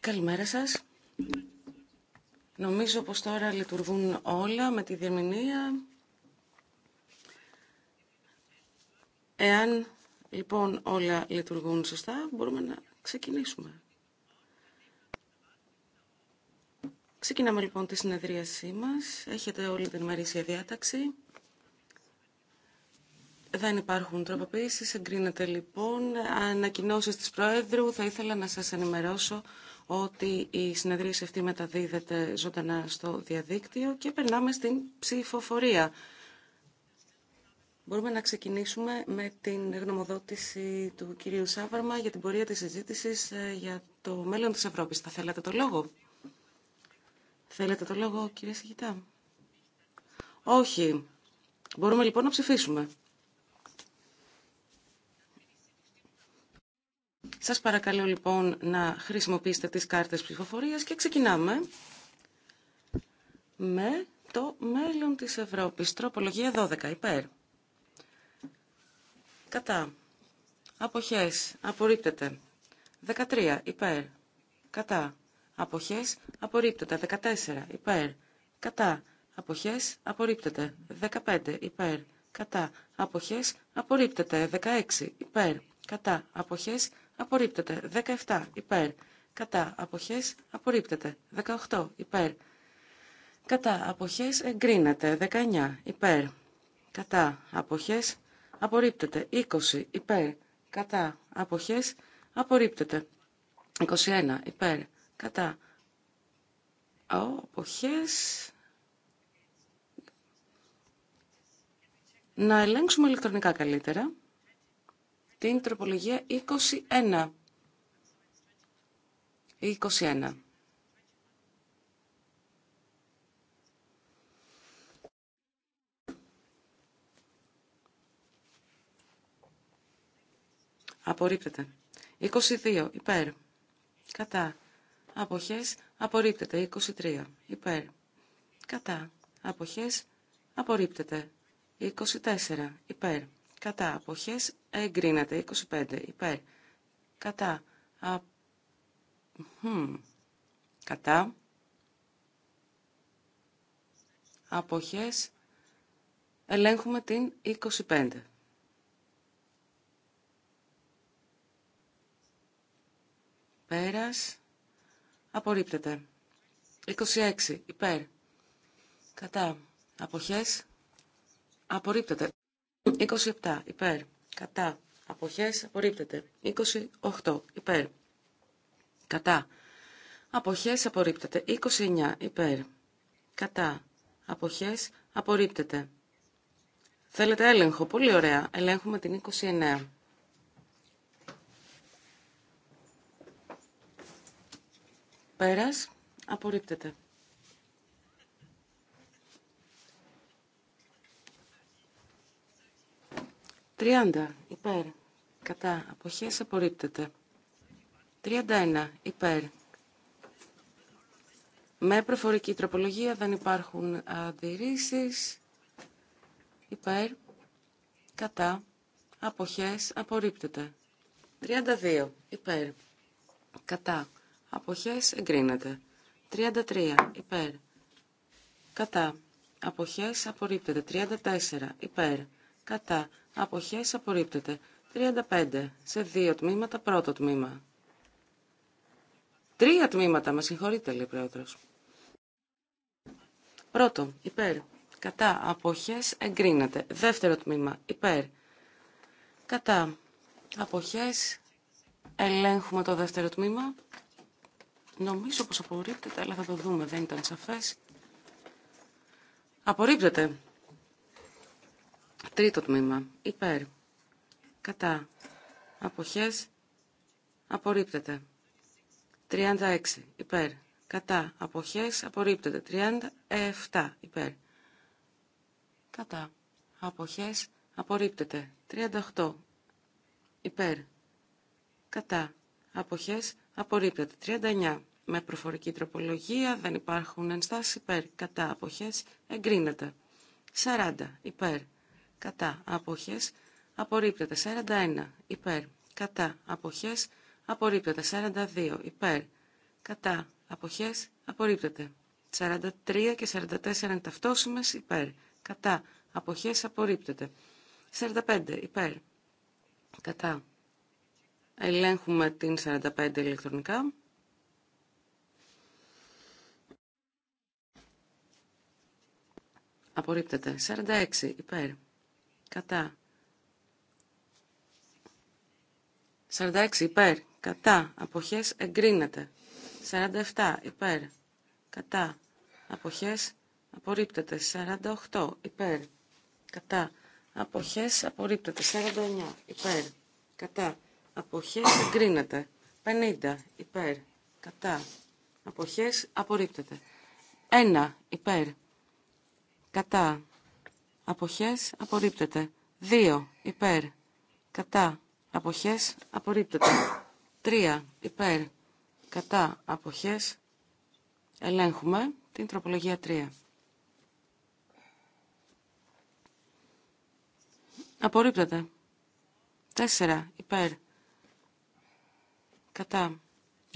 Καλημέρα σας. Νομίζω πως τώρα λειτουργούν όλα με τη διερμηνία. Εάν λοιπόν όλα λειτουργούν σωστά, μπορούμε να ξεκινήσουμε. Ξεκινάμε λοιπόν τη συνεδρίασή μας. Έχετε όλη την ημερήσια διάταξη. Δεν υπάρχουν τροποποίησει. εγκρίνεται λοιπόν. ανακοινώσει τη Προέδρου, θα ήθελα να σας ενημερώσω ότι η συνεδρίαση αυτή μεταδίδεται ζωντανά στο διαδίκτυο και περνάμε στην ψηφοφορία. Μπορούμε να ξεκινήσουμε με την γνωμοδότηση του κυρίου Σάβαρμα για την πορεία της συζήτηση ε, για το μέλλον της Ευρώπης. Θα θέλατε το λόγο? Θέλετε το λόγο, κύριε Σιγητά? Όχι. Μπορούμε λοιπόν να ψηφίσουμε. Σας παρακαλώ λοιπόν να χρησιμοποιήσετε τις κάρτες ψηφοφορίας και ξεκινάμε με το μέλλον της Ευρώπης. Τροπολογία 12 υπέρ. Κατά. Αποχές. Απορρίπτεται. 13 υπέρ. Κατά. Αποχές. Απορρίπτεται. 14 υπέρ. Κατά. Αποχές. Απορρίπτεται. 15 υπέρ. Κατά. Αποχές. Απορρίπτεται. 16 υπέρ. Κατά. Αποχές απορρίπτεται. 17 υπέρ. Κατά αποχές απορρίπτεται. 18 υπέρ. Κατά αποχές εγκρίνεται. 19 υπέρ. Κατά αποχές απορρίπτεται. 20 υπέρ. Κατά αποχές απορρίπτεται. 21 υπέρ. Κατά ο, αποχές να ελέγξουμε ηλεκτρονικά καλύτερα την τροπολογία 21. 21. Απορρίπτεται. 22. Υπέρ. Κατά. Αποχές. Απορρίπτεται. 23. Υπέρ. Κατά. Αποχές. Απορρίπτεται. 24. Υπέρ. Κατά. Αποχές εγκρίνεται. 25 υπέρ. Κατά. Α, κατά. Αποχές. Ελέγχουμε την 25. Πέρας. Απορρίπτεται. 26. Υπέρ. Κατά. Αποχές. Απορρίπτεται. 27. Υπέρ κατά, αποχές, απορρίπτεται. 28 υπέρ, κατά, αποχές, απορρίπτεται. 29 υπέρ, κατά, αποχές, απορρίπτεται. Θέλετε έλεγχο, πολύ ωραία. Ελέγχουμε την 29. Πέρας, απορρίπτεται. 30 υπέρ κατά αποχές απορρίπτεται. 31 υπέρ. Με προφορική τροπολογία δεν υπάρχουν αντιρρήσεις. Υπέρ κατά αποχές απορρίπτεται. 32 υπέρ. Κατά αποχές εγκρίνεται. 33 υπέρ. Κατά αποχές απορρίπτεται. 34 υπέρ κατά, αποχές απορρίπτεται. 35 σε δύο τμήματα, πρώτο τμήμα. Τρία τμήματα, με συγχωρείτε, λέει πρόεδρο. Πρώτο, υπέρ, κατά, αποχές εγκρίνεται. Δεύτερο τμήμα, υπέρ, κατά, αποχές ελέγχουμε το δεύτερο τμήμα. Νομίζω πως απορρίπτεται, αλλά θα το δούμε, δεν ήταν σαφές. Απορρίπτεται. Τρίτο τμήμα. Υπέρ. Κατά. Αποχές. Απορρίπτεται. 36. Υπέρ. Κατά. Αποχές. Απορρίπτεται. 37. Υπέρ. Κατά. Αποχές. Απορρίπτεται. 38. Υπέρ. Κατά. Αποχές. Απορρίπτεται. 39. Με προφορική τροπολογία δεν υπάρχουν ενστάσεις υπέρ. Κατά. Αποχές. Εγκρίνεται. 40. Υπέρ κατά αποχές απορρίπτεται 41 υπέρ κατά αποχές απορρίπτεται 42 υπέρ κατά αποχές απορρίπτεται 43 και 44 είναι ταυτόσιμες υπέρ κατά αποχές απορρίπτεται 45 υπέρ κατά ελέγχουμε την 45 ηλεκτρονικά απορρίπτεται 46 υπέρ κατά. 46 υπέρ, κατά, αποχές εγκρίνεται. 47 υπέρ, κατά, αποχές απορρίπτεται. 48 υπέρ, κατά, αποχές απορρίπτεται. 49 υπέρ, κατά, αποχές εγκρίνεται. 50 υπέρ, κατά, αποχές απορρίπτεται. 1 υπέρ, κατά, αποχές απορρίπτεται. 2 υπέρ κατά αποχές απορρίπτεται. 3 υπέρ κατά αποχές ελέγχουμε την τροπολογία 3. Απορρίπτεται. 4 υπέρ κατά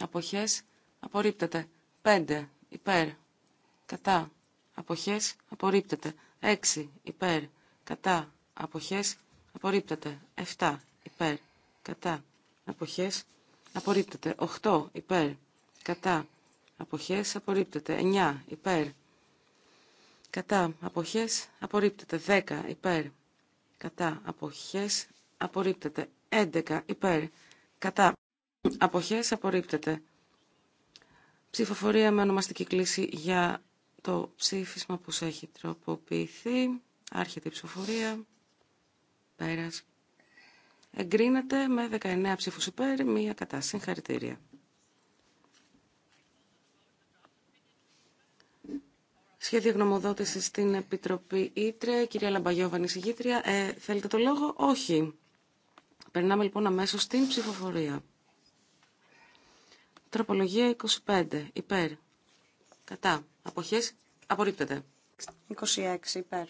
αποχές απορρίπτεται. 5 υπέρ κατά αποχές απορρίπτεται. 6 υπέρ κατά αποχές απορρίπτεται. 7 υπέρ κατά αποχές απορρίπτεται. 8 υπέρ κατά αποχές απορρίπτεται. 9 υπέρ κατά αποχές απορρίπτεται. 10 υπέρ κατά αποχές απορρίπτεται. 11 υπέρ κατά αποχές απορρίπτεται. Ψηφοφορία με ονομαστική κλίση για το ψήφισμα που έχει τροποποιηθεί. Άρχεται η ψηφοφορία. Πέρας. Εγκρίνεται με 19 ψήφους υπέρ, μία κατά. Συγχαρητήρια. Σχέδιο γνωμοδότηση στην Επιτροπή Ήτρε. Κυρία Λαμπαγιώβα, η Ε, θέλετε το λόγο? Όχι. Περνάμε λοιπόν αμέσω στην ψηφοφορία. Τροπολογία 25. Υπέρ. Κατά. Αποχές απορρίπτεται. 26 υπέρ.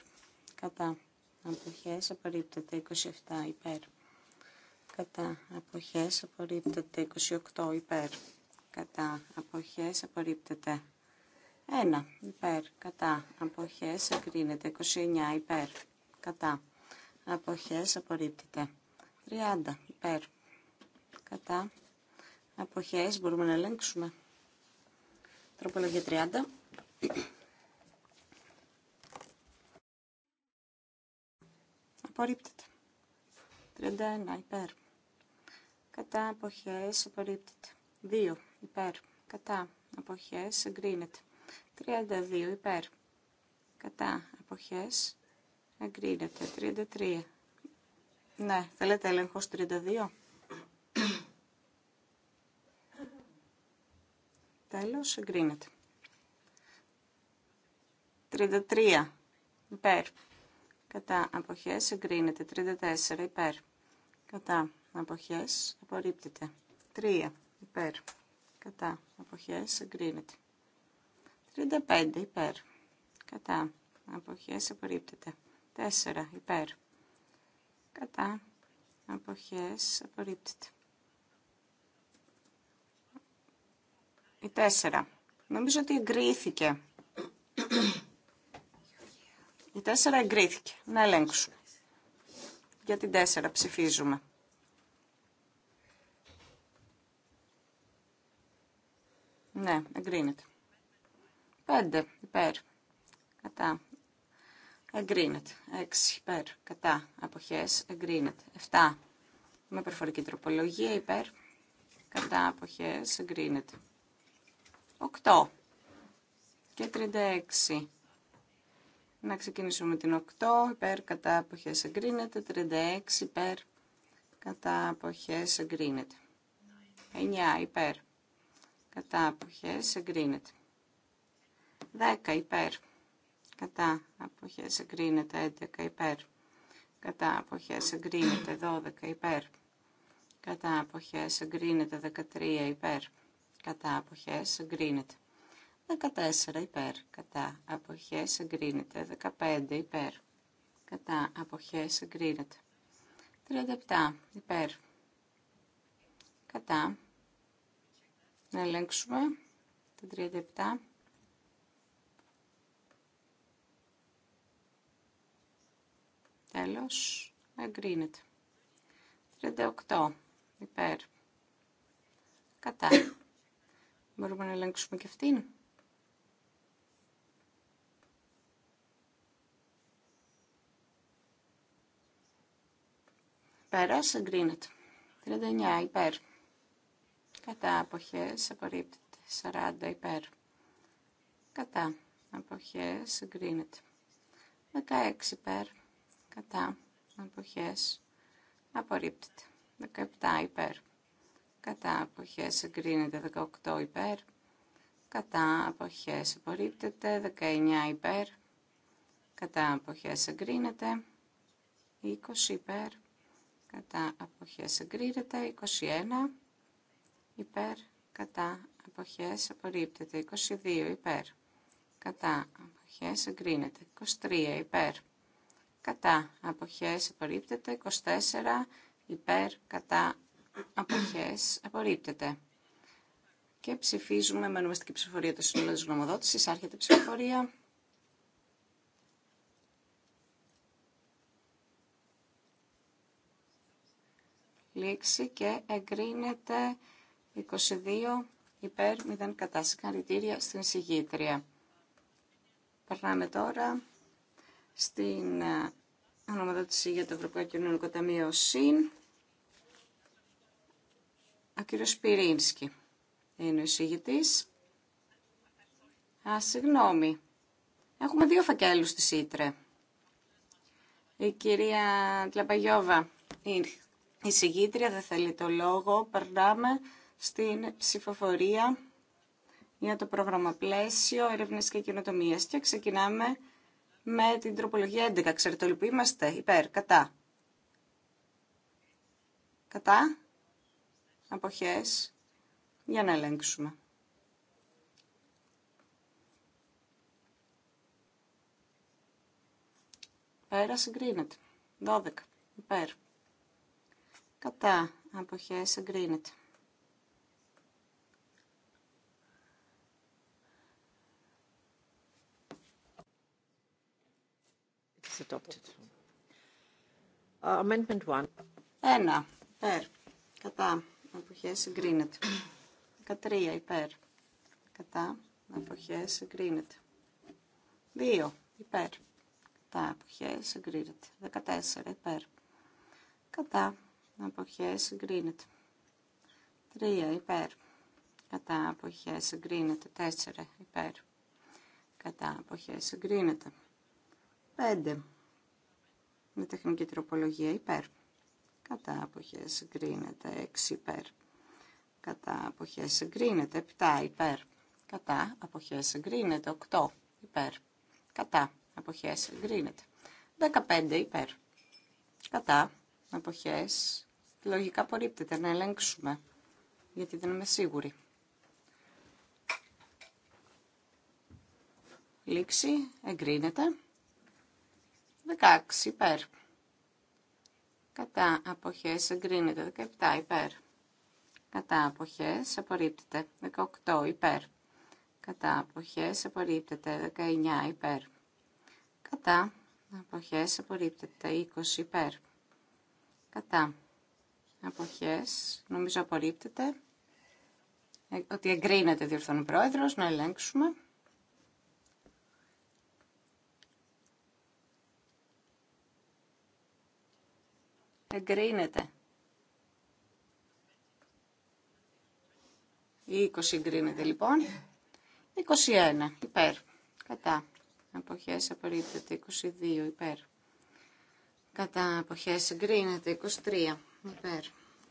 Κατά. Αποχές απορρίπτεται. 27 υπέρ. Κατά. Αποχές απορρίπτεται. 28 υπέρ. Κατά. Αποχές απορρίπτεται. 1 υπέρ. Κατά. Αποχές εγκρίνεται. 29 υπέρ. Κατά. Αποχές απορρίπτεται. 30 υπέρ. Κατά. Αποχές μπορούμε να ελέγξουμε. Τροπολογία 30. Απορρίπτεται. 31 υπέρ. Κατά αποχές απορρίπτεται. 2 υπέρ. Κατά αποχές εγκρίνεται. 32 υπέρ. Κατά αποχές εγκρίνεται. 33. Ναι, θέλετε έλεγχος 32. Τέλος, εγκρίνεται. 33 υπέρ. Κατά αποχές εγκρίνεται. 34 υπέρ. Κατά αποχές απορρίπτεται. 3 υπέρ. Κατά αποχές εγκρίνεται. 35 υπέρ. Κατά αποχές απορρίπτεται. 4 υπέρ. Κατά αποχές απορρίπτεται. Η 4. Νομίζω ότι εγκρίθηκε. Η 4 εγκρίθηκε. Να ελέγξουμε. Για την 4 ψηφίζουμε. Ναι, εγκρίνεται. 5 υπέρ. Κατά. Εγκρίνεται. 6 υπέρ. Κατά. Αποχές. Εγκρίνεται. 7 με προφορική τροπολογία υπέρ. Κατά. Αποχές. Εγκρίνεται. 8 και 36 να ξεκινήσουμε την 8, υπέρ κατά αποχές εγκρίνεται, 36 υπέρ κατά αποχές εγκρίνεται, 9 υπέρ κατά αποχές εγκρίνεται, 10 υπέρ κατά αποχές εγκρίνεται, 11 υπέρ κατά αποχές εγκρίνεται, 12 υπέρ κατά αποχές εγκρίνεται, 13 υπέρ κατά αποχές εγκρίνεται. 14 υπέρ κατά αποχές εγκρίνεται. 15 υπέρ κατά αποχές εγκρίνεται. 37 υπέρ κατά. Να ελέγξουμε τα 37. Τέλος, εγκρίνεται. 38 υπέρ κατά. Μπορούμε να ελέγξουμε και αυτήν. Περά εγκρίνεται. 39 υπέρ. Κατά αποχές απορρίπτεται. 40 υπέρ. Κατά αποχές εγκρίνεται. 16 υπέρ. Κατά αποχές απορρίπτεται. 17 υπέρ. Κατά αποχές εγκρίνεται. 18 υπέρ. Κατά αποχές απορρίπτεται. 19 υπέρ. Κατά αποχές εγκρίνεται. 20 υπέρ κατά αποχές εγκρίνεται 21 υπέρ κατά αποχές απορρίπτεται 22 υπέρ κατά αποχές εγκρίνεται 23 υπέρ κατά αποχές απορρίπτεται 24 υπέρ κατά αποχές απορρίπτεται και ψηφίζουμε με νομιστική ψηφοφορία το σύνολο της γνωμοδότησης άρχεται ψηφοφορία και εγκρίνεται 22 υπέρ 0 κατά. Συγχαρητήρια στην συγγήτρια. Περνάμε τώρα στην ε, ονομαδότηση για το Ευρωπαϊκό Κοινωνικό Ταμείο ΣΥΝ. Ο κύριο Πυρίνσκι είναι ο εισηγητή. Α, συγγνώμη. Έχουμε δύο φακέλους στη ΣΥΤΡΕ. Η κυρία Τλαπαγιώβα η συγγήτρια δεν θέλει το λόγο. Περνάμε στην ψηφοφορία για το πρόγραμμα πλαίσιο έρευνες και κοινοτομίες. και ξεκινάμε με την τροπολογία 11. Ξέρετε όλοι που είμαστε. Υπέρ. Κατά. Κατά. Αποχές. Για να ελέγξουμε. Πέρα συγκρίνεται. 12. Υπέρ κατά αποχές εγκρίνεται. Uh, amendment 1. Ένα, υπέρ, κατά αποχές εγκρίνεται. 13, υπέρ, κατά αποχές εγκρίνεται. 2, υπέρ, κατά αποχές εγκρίνεται. 14, υπέρ, κατά αποχές εγκρίνεται. 3 υπέρ κατά αποχές συγκρίνεται... 4 υπέρ κατά αποχές εγκρίνεται. 5 με τεχνική τροπολογία υπέρ κατά αποχές συγκρίνεται... 6 υπέρ κατά αποχές εγκρίνεται. 7 υπέρ κατά αποχές εγκρίνεται. 8 υπέρ κατά αποχές εγκρίνεται. 15 υπέρ κατά αποχές, λογικά απορρίπτεται να ελέγξουμε, γιατί δεν είμαι σίγουρη. Λήξη, εγκρίνεται. 16 υπέρ. Κατά αποχές εγκρίνεται 17 υπέρ. Κατά αποχές απορρίπτεται 18 υπέρ. Κατά αποχές απορρίπτεται 19 υπέρ. Κατά αποχές απορρίπτεται 20 υπέρ κατά αποχές, νομίζω απορρίπτεται, ε, ότι εγκρίνεται διορθώνει ο πρόεδρος, να ελέγξουμε. Εγκρίνεται. Η 20 εγκρίνεται λοιπόν. 21 υπέρ. Κατά. Αποχές απορρίπτεται. 22 υπέρ κατά αποχές εγκρίνεται 23 υπέρ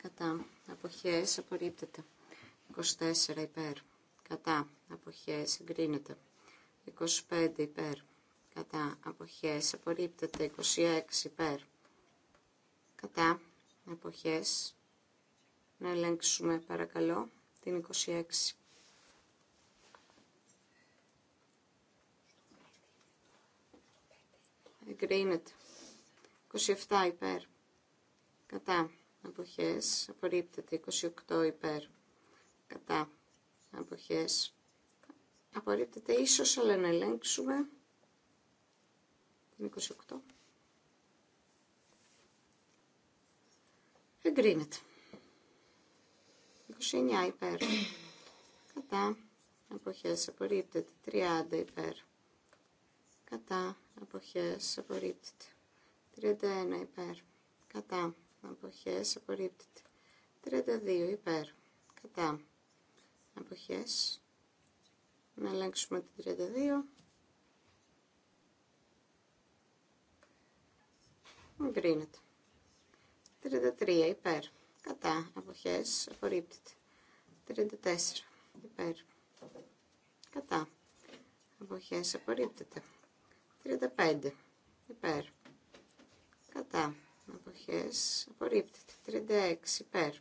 κατά αποχές απορρίπτεται 24 υπέρ κατά αποχές εγκρίνεται 25 υπέρ κατά αποχές απορρίπτεται 26 υπέρ κατά αποχές να ελέγξουμε παρακαλώ την 26 εγκρίνεται 27 υπέρ. Κατά. Αποχές. Απορρίπτεται. 28 υπέρ. Κατά. Αποχές. Απορρίπτεται ίσως, αλλά να ελέγξουμε. 28. Εγκρίνεται. 29 υπέρ. Κατά. Αποχές. Απορρίπτεται. 30 υπέρ. Κατά. Αποχές. Απορρίπτεται. 31 υπέρ. Κατά. Αποχές απορρίπτεται. 32 υπέρ. Κατά. Αποχές. Να ελέγξουμε την 32. Εγκρίνεται. 33 υπέρ. Κατά. Αποχές. Απορρίπτεται. 34 υπέρ. Κατά. Αποχές. Απορρίπτεται. 35 υπέρ κατά αποχές απορρίπτεται 36 υπέρ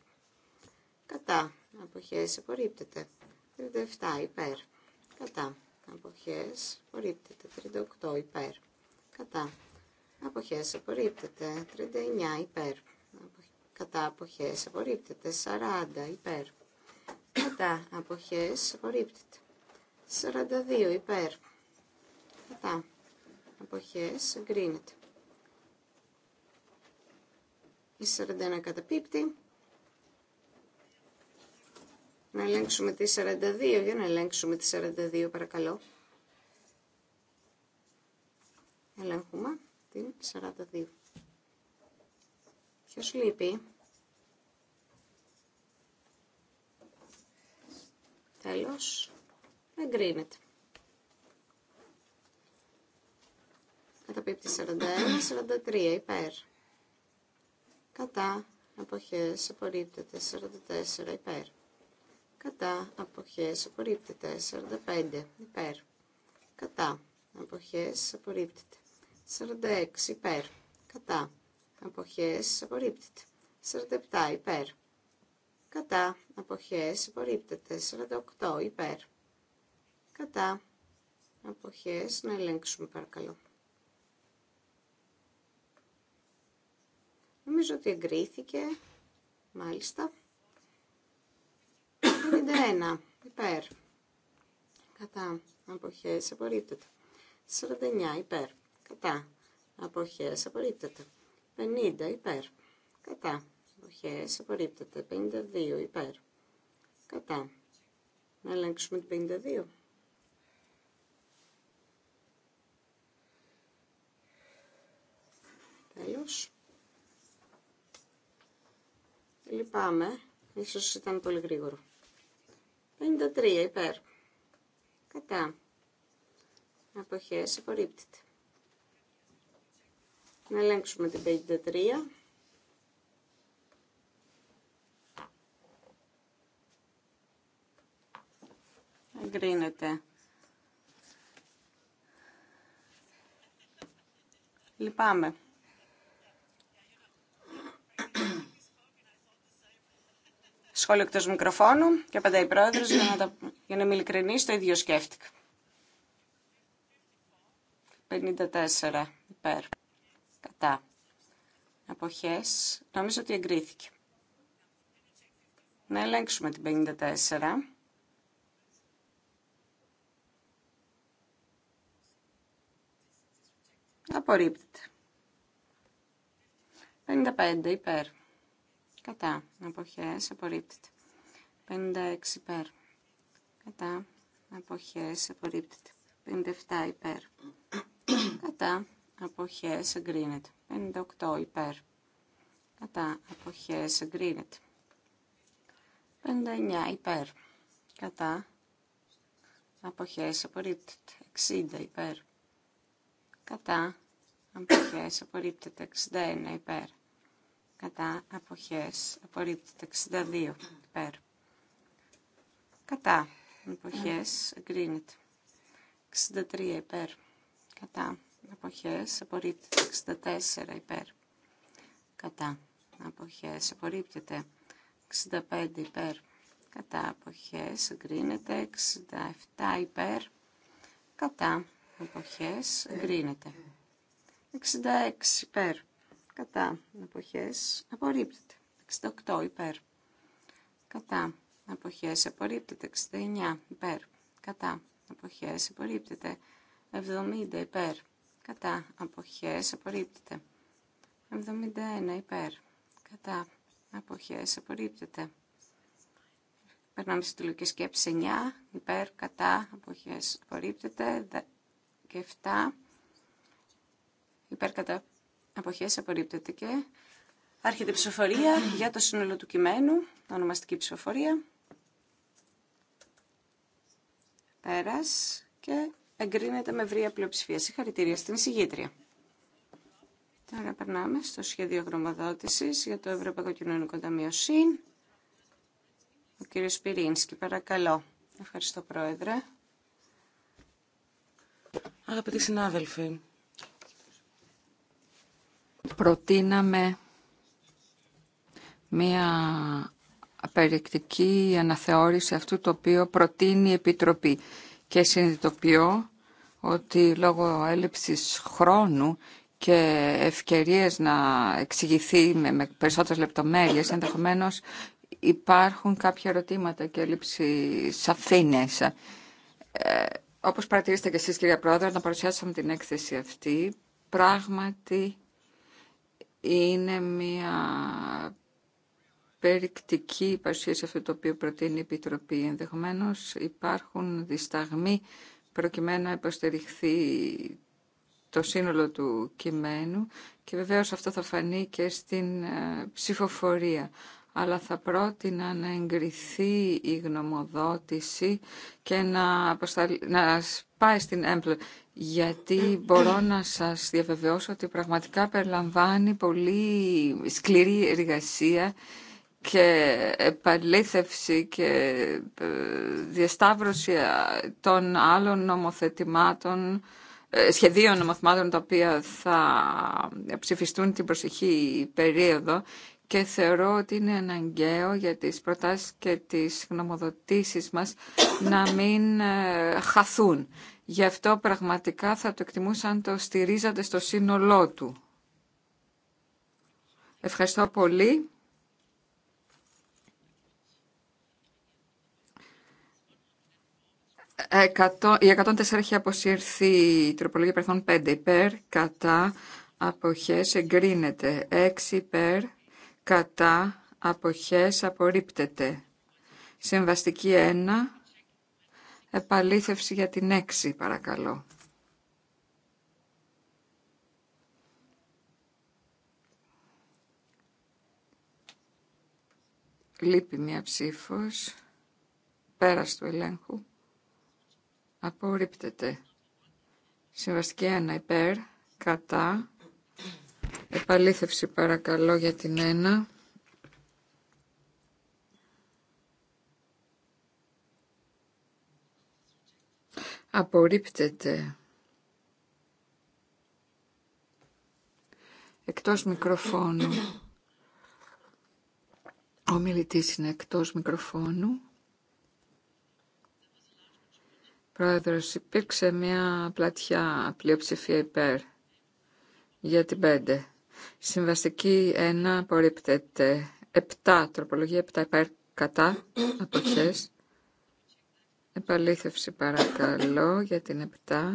κατά αποχές απορρίπτεται 37 υπέρ κατά αποχές απορρίπτεται 38 υπέρ κατά αποχές απορρίπτεται 39 υπέρ κατά αποχές απορρίπτεται 40 υπέρ κατά αποχές απορρίπτεται 42 υπέρ κατά αποχές εγκρίνεται η 41 καταπίπτει. Να ελέγξουμε τη 42. Για να ελέγξουμε τη 42 παρακαλώ. Ελέγχουμε την 42. Ποιος λείπει. Τέλος. Εγκρίνεται. Καταπίπτει 41, 43 υπέρ κατά αποχές απορρίπτεται 44 υπέρ κατά αποχές απορρίπτεται 45 υπέρ κατά αποχές απορρίπτεται 46 υπέρ κατά αποχές απορρίπτεται 47 υπέρ κατά αποχές απορρίπτεται 48 υπέρ κατά αποχές να ελέγξουμε παρακαλώ Νομίζω ότι εγκρίθηκε. Μάλιστα. 51. Υπέρ. Κατά. Αποχές απορρίπτεται. 49. Υπέρ. Κατά. Αποχές απορρίπτεται. 50. Υπέρ. Κατά. Αποχές απορρίπτεται. 52. Υπέρ. Κατά. Να ελέγξουμε την 52. Τέλος. Λυπάμαι. Ίσως ήταν πολύ γρήγορο. 53 υπέρ. Κατά. Αποχές απορρίπτεται. Να ελέγξουμε την 53. Εγκρίνεται. Λυπάμαι. σχόλιο εκτός μικροφώνου και απαντάει η για να, τα, για να είμαι ειλικρινή, το ίδιο σκέφτηκα. 54 υπέρ. Κατά. Αποχές. Νομίζω ότι εγκρίθηκε. Να ελέγξουμε την 54. Απορρίπτεται. 55 υπέρ κατά αποχέ απορρίπτεται 56 υπέρ κατά αποχές απορρίπτεται 57 υπέρ κατά αποχές εγκρίνεται 58 υπέρ κατά απόχέ εγκρίνεται 59 υπέρ κατά αποχές απορρίπτεται 60 υπέρ κατά αποχές απορρίπτεται 61 υπέρ κατά αποχές απορρίπτεται 62 υπέρ κατά αποχές εγκρίνεται 63 υπέρ κατά αποχές απορρίπτεται 64 υπέρ κατά αποχές απορρίπτεται 65 υπέρ κατά αποχές εγκρίνεται 67 υπέρ κατά αποχές εγκρίνεται 66 υπέρ κατά αποχές απορρίπτεται. 68 υπέρ κατά αποχές απορρίπτεται. 69 υπέρ κατά αποχές απορρίπτεται. 70 υπέρ κατά αποχές απορρίπτεται. 71 υπέρ κατά αποχές απορρίπτεται. Περνάμε στη λογική σκέψη 9, υπέρ, κατά, αποχές απορρίπτεται και 7, υπέρ, κατά, Αποχές απορρίπτεται και άρχεται η ψηφοφορία για το σύνολο του κειμένου, ονομαστική ψηφοφορία. Πέρας και εγκρίνεται με βρία πλειοψηφία. Συγχαρητήρια στην εισηγήτρια. Τώρα περνάμε στο σχέδιο γνωμοδότησης για το Ευρωπαϊκό Κοινωνικό Ταμείο ΣΥΝ. Ο κύριος Πυρίνσκι, παρακαλώ. Ευχαριστώ, Πρόεδρε. Αγαπητοί συνάδελφοι, προτείναμε μία απεριεκτική αναθεώρηση αυτού το οποίο προτείνει η Επιτροπή και συνειδητοποιώ ότι λόγω έλλειψης χρόνου και ευκαιρίες να εξηγηθεί με, περισσότερες λεπτομέρειες ενδεχομένως υπάρχουν κάποια ερωτήματα και έλλειψη σαφήνες. Ε, όπως παρατηρήσατε και εσείς κυρία Πρόεδρε, να παρουσιάσαμε την έκθεση αυτή, πράγματι είναι μια περικτική παρουσίαση αυτό το οποίο προτείνει η Επιτροπή. Ενδεχομένως υπάρχουν δισταγμοί προκειμένου να υποστηριχθεί το σύνολο του κειμένου και βεβαίως αυτό θα φανεί και στην ε, ψηφοφορία αλλά θα πρότεινα να εγκριθεί η γνωμοδότηση και να, αποσταλ... πάει στην έμπλε. Γιατί μπορώ να σας διαβεβαιώσω ότι πραγματικά περιλαμβάνει πολύ σκληρή εργασία και επαλήθευση και ε, διασταύρωση ε, των άλλων νομοθετημάτων, ε, σχεδίων νομοθετημάτων τα οποία θα ψηφιστούν την προσεχή περίοδο και θεωρώ ότι είναι αναγκαίο για τις προτάσεις και τις γνωμοδοτήσεις μας να μην ε, χαθούν. Γι' αυτό πραγματικά θα το εκτιμούσα αν το στηρίζατε στο σύνολό του. Ευχαριστώ πολύ. Η 104 έχει αποσύρθει η τροπολογία περθών 5 υπέρ, κατά αποχές εγκρίνεται 6 υπέρ, κατά αποχές απορρίπτεται. Συμβαστική 1. Επαλήθευση για την 6 παρακαλώ. Λείπει μία ψήφος. Πέρας του ελέγχου. Απορρίπτεται. Συμβαστική 1 υπέρ, κατά, Επαλήθευση παρακαλώ για την ένα. Απορρίπτεται. Εκτός μικροφώνου. Ο μιλητής είναι εκτός μικροφώνου. Πρόεδρος, υπήρξε μια πλατιά πλειοψηφία υπέρ για την 5. Συμβαστική 1 απορρίπτεται. 7. Τροπολογία 7 υπέρ κατά αποχές. Επαλήθευση παρακαλώ για την 7.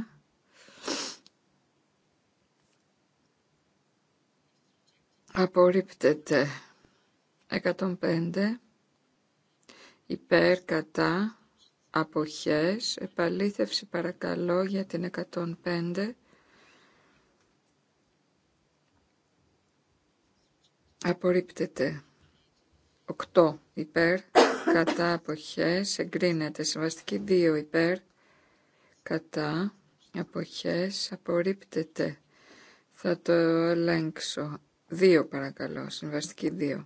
Απορρίπτεται 105 υπέρ κατά αποχές επαλήθευση παρακαλώ για την 105 Απορρίπτεται. 8 υπέρ. Κατά αποχές. Εγκρίνεται. Συμβαστική 2 υπέρ. Κατά αποχές. Απορρίπτεται. Θα το ελέγξω. 2 παρακαλώ. Συμβαστική 2.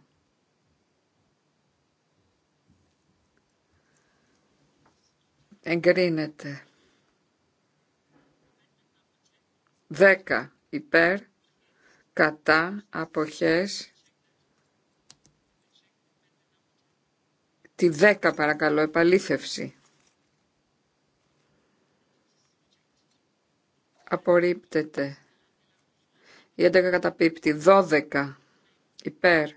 Εγκρίνεται. 10 υπέρ. Κατά αποχές Τη 10 παρακαλώ, επαλήθευση. Απορρίπτεται. Η 11 καταπίπτει. 12 υπέρ.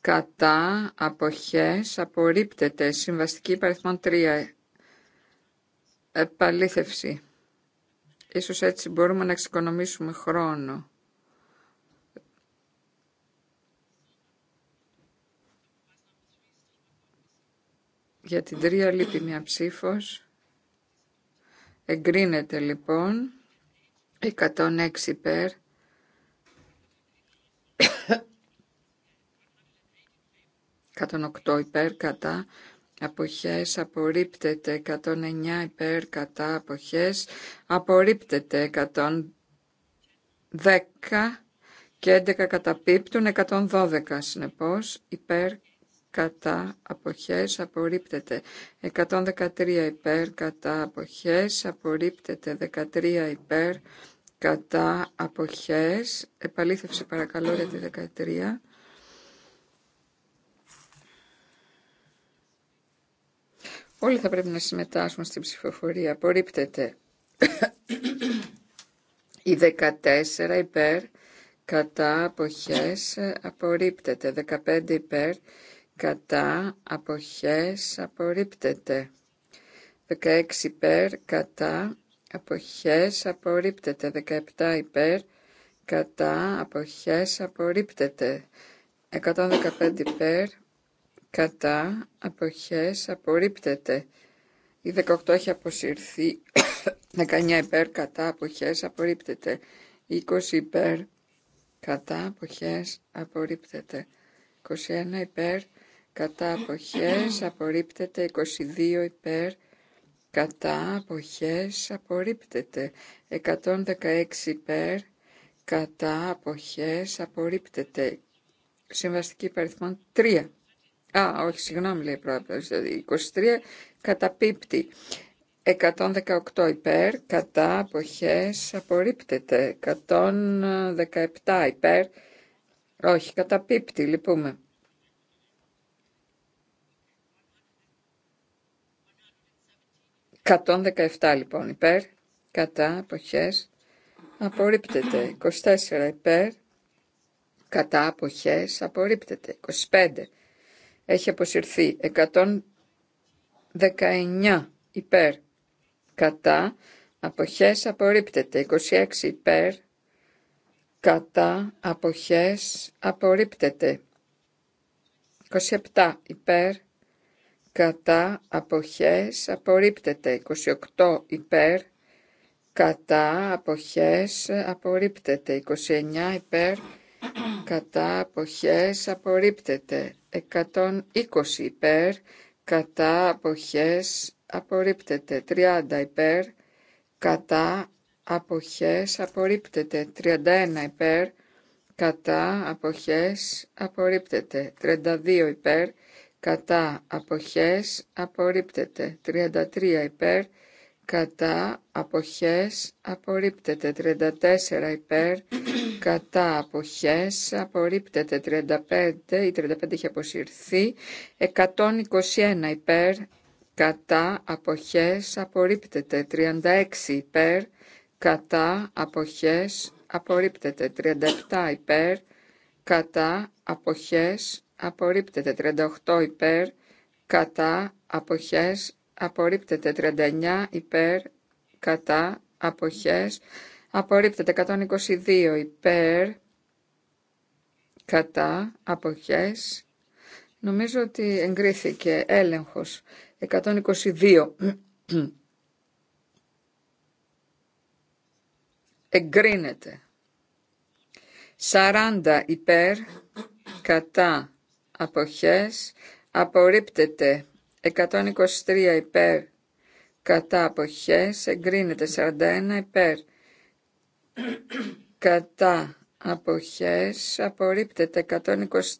Κατά αποχές απορρίπτεται. Συμβαστική υπαριθμών 3. Επαλήθευση. Ίσως έτσι μπορούμε να εξοικονομήσουμε χρόνο. Για την τρία λείπει μια ψήφος. Εγκρίνεται λοιπόν 106 υπέρ. 108 υπέρ κατά αποχές απορρίπτεται 109 υπέρ κατά αποχές απορρίπτεται 110 και 11 καταπίπτουν 112 συνεπώς υπέρ κατά αποχές απορρίπτεται 113 υπέρ κατά αποχές απορρίπτεται 13 υπέρ κατά αποχές επαλήθευση παρακαλώ για τη 13 Όλοι θα πρέπει να συμμετάσχουν στην ψηφοφορία. Απορρίπτεται. Η 14 υπέρ κατά αποχές απορρίπτεται. 15 υπέρ κατά αποχές απορρίπτεται 16 υπέρ κατά αποχές απορρίπτεται 17 υπέρ κατά αποχές απορρίπτεται 115 υπέρ κατά αποχές απορρίπτεται η 18 έχει αποσυρθεί 19 υπέρ κατά αποχές απορρίπτεται 20 υπέρ κατά αποχές απορρίπτεται 21 υπέρ κατά αποχές απορρίπτεται 22 υπέρ κατά αποχές απορρίπτεται 116 υπέρ κατά αποχές απορρίπτεται συμβαστική υπαριθμών 3 α όχι συγγνώμη λέει πρόεδρος 23 δηλαδή καταπίπτει 118 υπέρ κατά αποχές απορρίπτεται 117 υπέρ όχι καταπίπτει λυπούμε 117 λοιπόν υπέρ, κατά, αποχές, απορρίπτεται. 24 υπέρ, κατά, αποχές, απορρίπτεται. 25 έχει αποσυρθεί. 119 υπέρ, κατά, αποχές, απορρίπτεται. 26 υπέρ, κατά, αποχές, απορρίπτεται. 27 υπέρ, κατά αποχές απορρίπτεται 28 υπέρ κατά αποχές απορρίπτεται 29 υπέρ κατά αποχές απορρίπτεται 120 υπέρ κατά αποχές απορρίπτεται 30 υπέρ κατά αποχές απορρίπτεται 31 υπέρ κατά αποχές απορρίπτεται 32 υπέρ κατά αποχές απορρίπτεται 33 υπέρ κατά αποχές απορρίπτεται 34 υπέρ κατά αποχές απορρίπτεται 35 η 35 έχει αποσυρθεί 121 υπέρ κατά αποχές απορρίπτεται 36 υπέρ κατά αποχές απορρίπτεται 37 υπέρ κατά αποχές απορρίπτεται 38 υπέρ, κατά αποχές απορρίπτεται 39 υπέρ, κατά αποχές απορρίπτεται 122 υπέρ, κατά αποχές νομίζω ότι εγκρίθηκε έλεγχος 122 εγκρίνεται 40 υπέρ κατά αποχές απορρίπτεται 123 υπέρ κατά αποχές εγκρίνεται 41 υπέρ κατά αποχές απορρίπτεται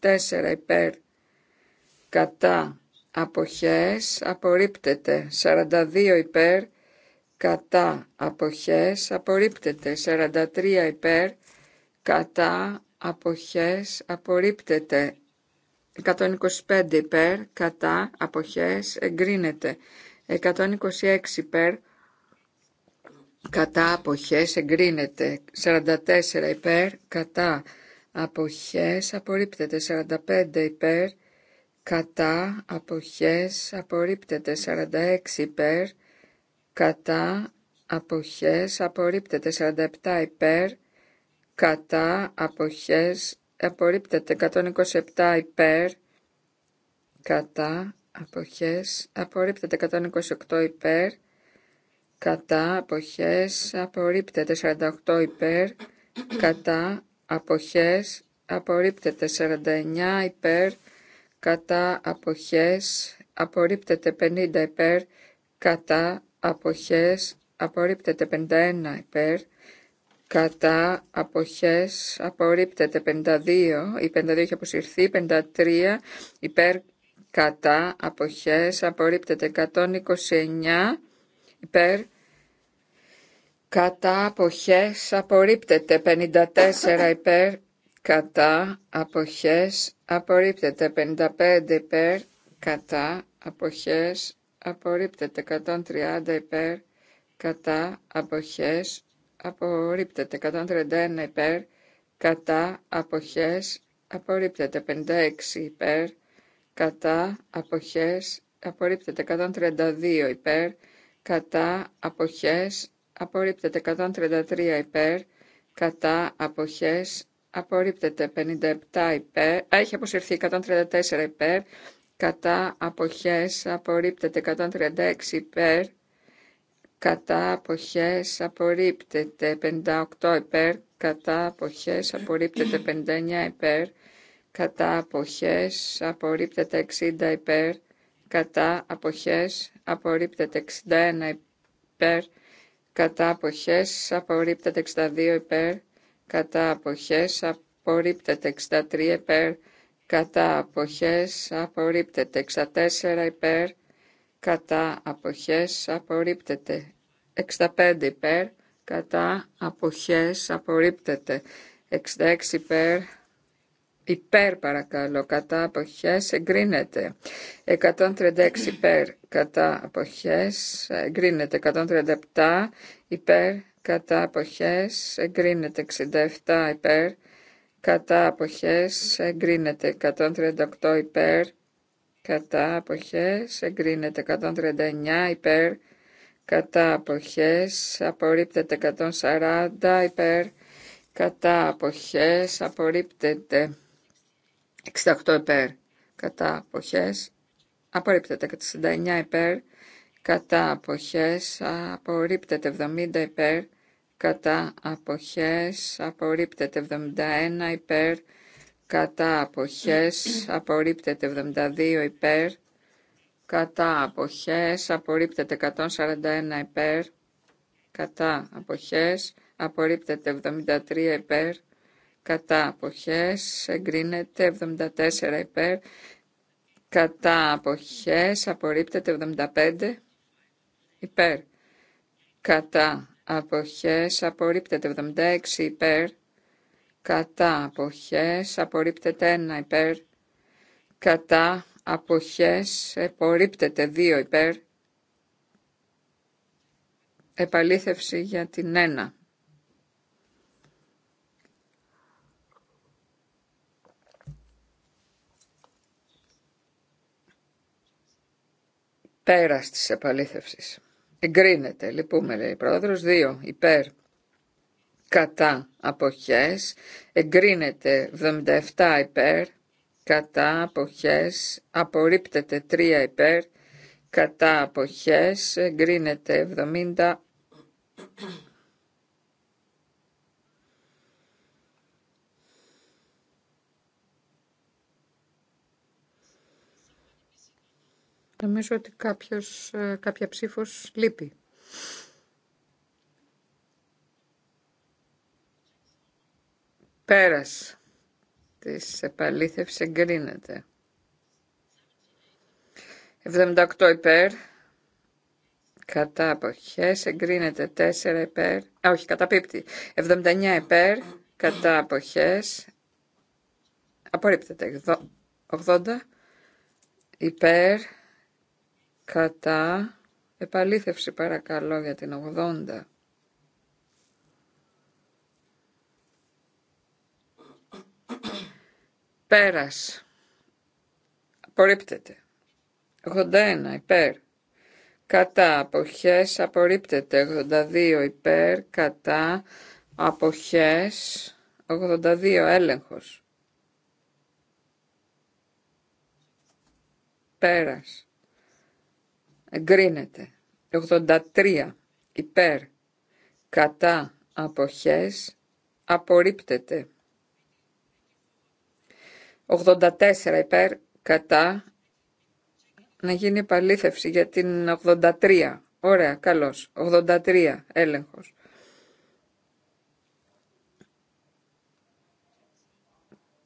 124 υπέρ κατά αποχές απορρίπτεται 42 υπέρ κατά αποχές απορρίπτεται 43 υπέρ κατά αποχές απορρίπτεται 125 υπέρ, κατά, αποχές, εγκρίνεται. 126 υπέρ, κατά, αποχές, εγκρίνεται. 44 υπέρ, κατά, αποχές, απορρίπτεται. 45 υπέρ, κατά, αποχές, απορρίπτεται. 46 υπέρ, κατά, αποχές, απορρίπτεται. 47 υπέρ, κατά, αποχές, απορρίπτεται 127 υπέρ κατά αποχές απορρίπτεται 128 υπέρ κατά αποχές απορρίπτεται 48 υπέρ κατά αποχές απορρίπτεται 49 υπέρ κατά αποχές απορρίπτεται 50 υπέρ κατά αποχές απορρίπτεται 51 υπέρ κατά αποχές απορρίπτεται 52, η 52 έχει αποσυρθεί, 53 υπέρ κατά αποχές απορρίπτεται 129 υπέρ κατά αποχές απορρίπτεται 54 υπέρ κατά αποχές απορρίπτεται 55 υπέρ κατά αποχές απορρίπτεται 130 υπέρ κατά αποχές απορρίπτεται. 131 υπέρ, κατά, αποχές, απορρίπτεται. 56 υπέρ, κατά, αποχές, απορρίπτεται. 132 υπέρ, κατά, αποχές, απορρίπτεται. 133 υπέρ, κατά, αποχές, απορρίπτεται. 57 υπέρ, α, έχει αποσυρθεί 134 υπέρ, κατά, αποχές, απορρίπτεται. 136 υπέρ, κατά αποχές απορρίπτεται 58 υπέρ, κατά αποχές απορρίπτεται 59 υπέρ, κατά αποχές απορρίπτεται 60 υπέρ, κατά αποχές απορρίπτεται 61 υπέρ, κατά αποχές απορρίπτεται 62 υπέρ, κατά αποχές απορρίπτεται 63 υπέρ, κατά αποχές απορρίπτεται 64 υπέρ, κατά αποχές απορρίπτεται. 65 υπέρ κατά αποχές απορρίπτεται. 66 υπέρ υπέρ παρακαλώ, κατά αποχές εγκρίνεται. 136 υπέρ κατά αποχές εγκρίνεται. 137 υπέρ κατά αποχές εγκρίνεται. 67 υπέρ κατά αποχές εγκρίνεται. 138 υπέρ κατά αποχές εγκρίνεται 139 υπέρ κατά αποχές απορρίπτεται 140 υπέρ κατά αποχές απορρίπτεται 68 υπέρ κατά αποχές απορρίπτεται 69 υπέρ κατά αποχές απορρίπτεται 70 υπέρ κατά αποχές απορρίπτεται 71 υπέρ κατά αποχές απορρίπτεται 72 υπέρ, κατά αποχές απορρίπτεται 141 υπέρ, κατά αποχές απορρίπτεται 73 υπέρ, κατά αποχές εγκρίνεται 74 υπέρ, κατά αποχές απορρίπτεται 75 υπέρ, κατά αποχές απορρίπτεται 76 υπέρ, κατά αποχές απορρίπτεται ένα υπέρ, κατά αποχές απορρίπτεται δύο υπέρ, επαλήθευση για την ένα. Πέρας της επαλήθευσης. Εγκρίνεται, λυπούμε λέει η πρόεδρος, δύο υπέρ κατά αποχές, εγκρίνεται 77 υπέρ, κατά αποχές, απορρίπτεται 3 υπέρ, κατά αποχές, εγκρίνεται 70 Νομίζω ότι κάποιος, ε, κάποια ψήφος λείπει. Πέρας της επαλήθευσης εγκρίνεται. 78 υπέρ. Κατά αποχές εγκρίνεται 4 υπέρ. Α, όχι, καταπίπτει. 79 υπέρ. Κατά αποχές. Απορρίπτεται. 80 υπέρ. Κατά. Επαλήθευση παρακαλώ για την 80. Πέρας. Απορρίπτεται. 81 υπέρ. Κατά αποχές απορρίπτεται. 82 υπέρ. Κατά αποχές. 82 έλεγχος. Πέρας. Εγκρίνεται. 83 υπέρ. Κατά αποχές απορρίπτεται. 84 υπέρ κατά να γίνει επαλήθευση για την 83. Ωραία, καλώς. 83 έλεγχος.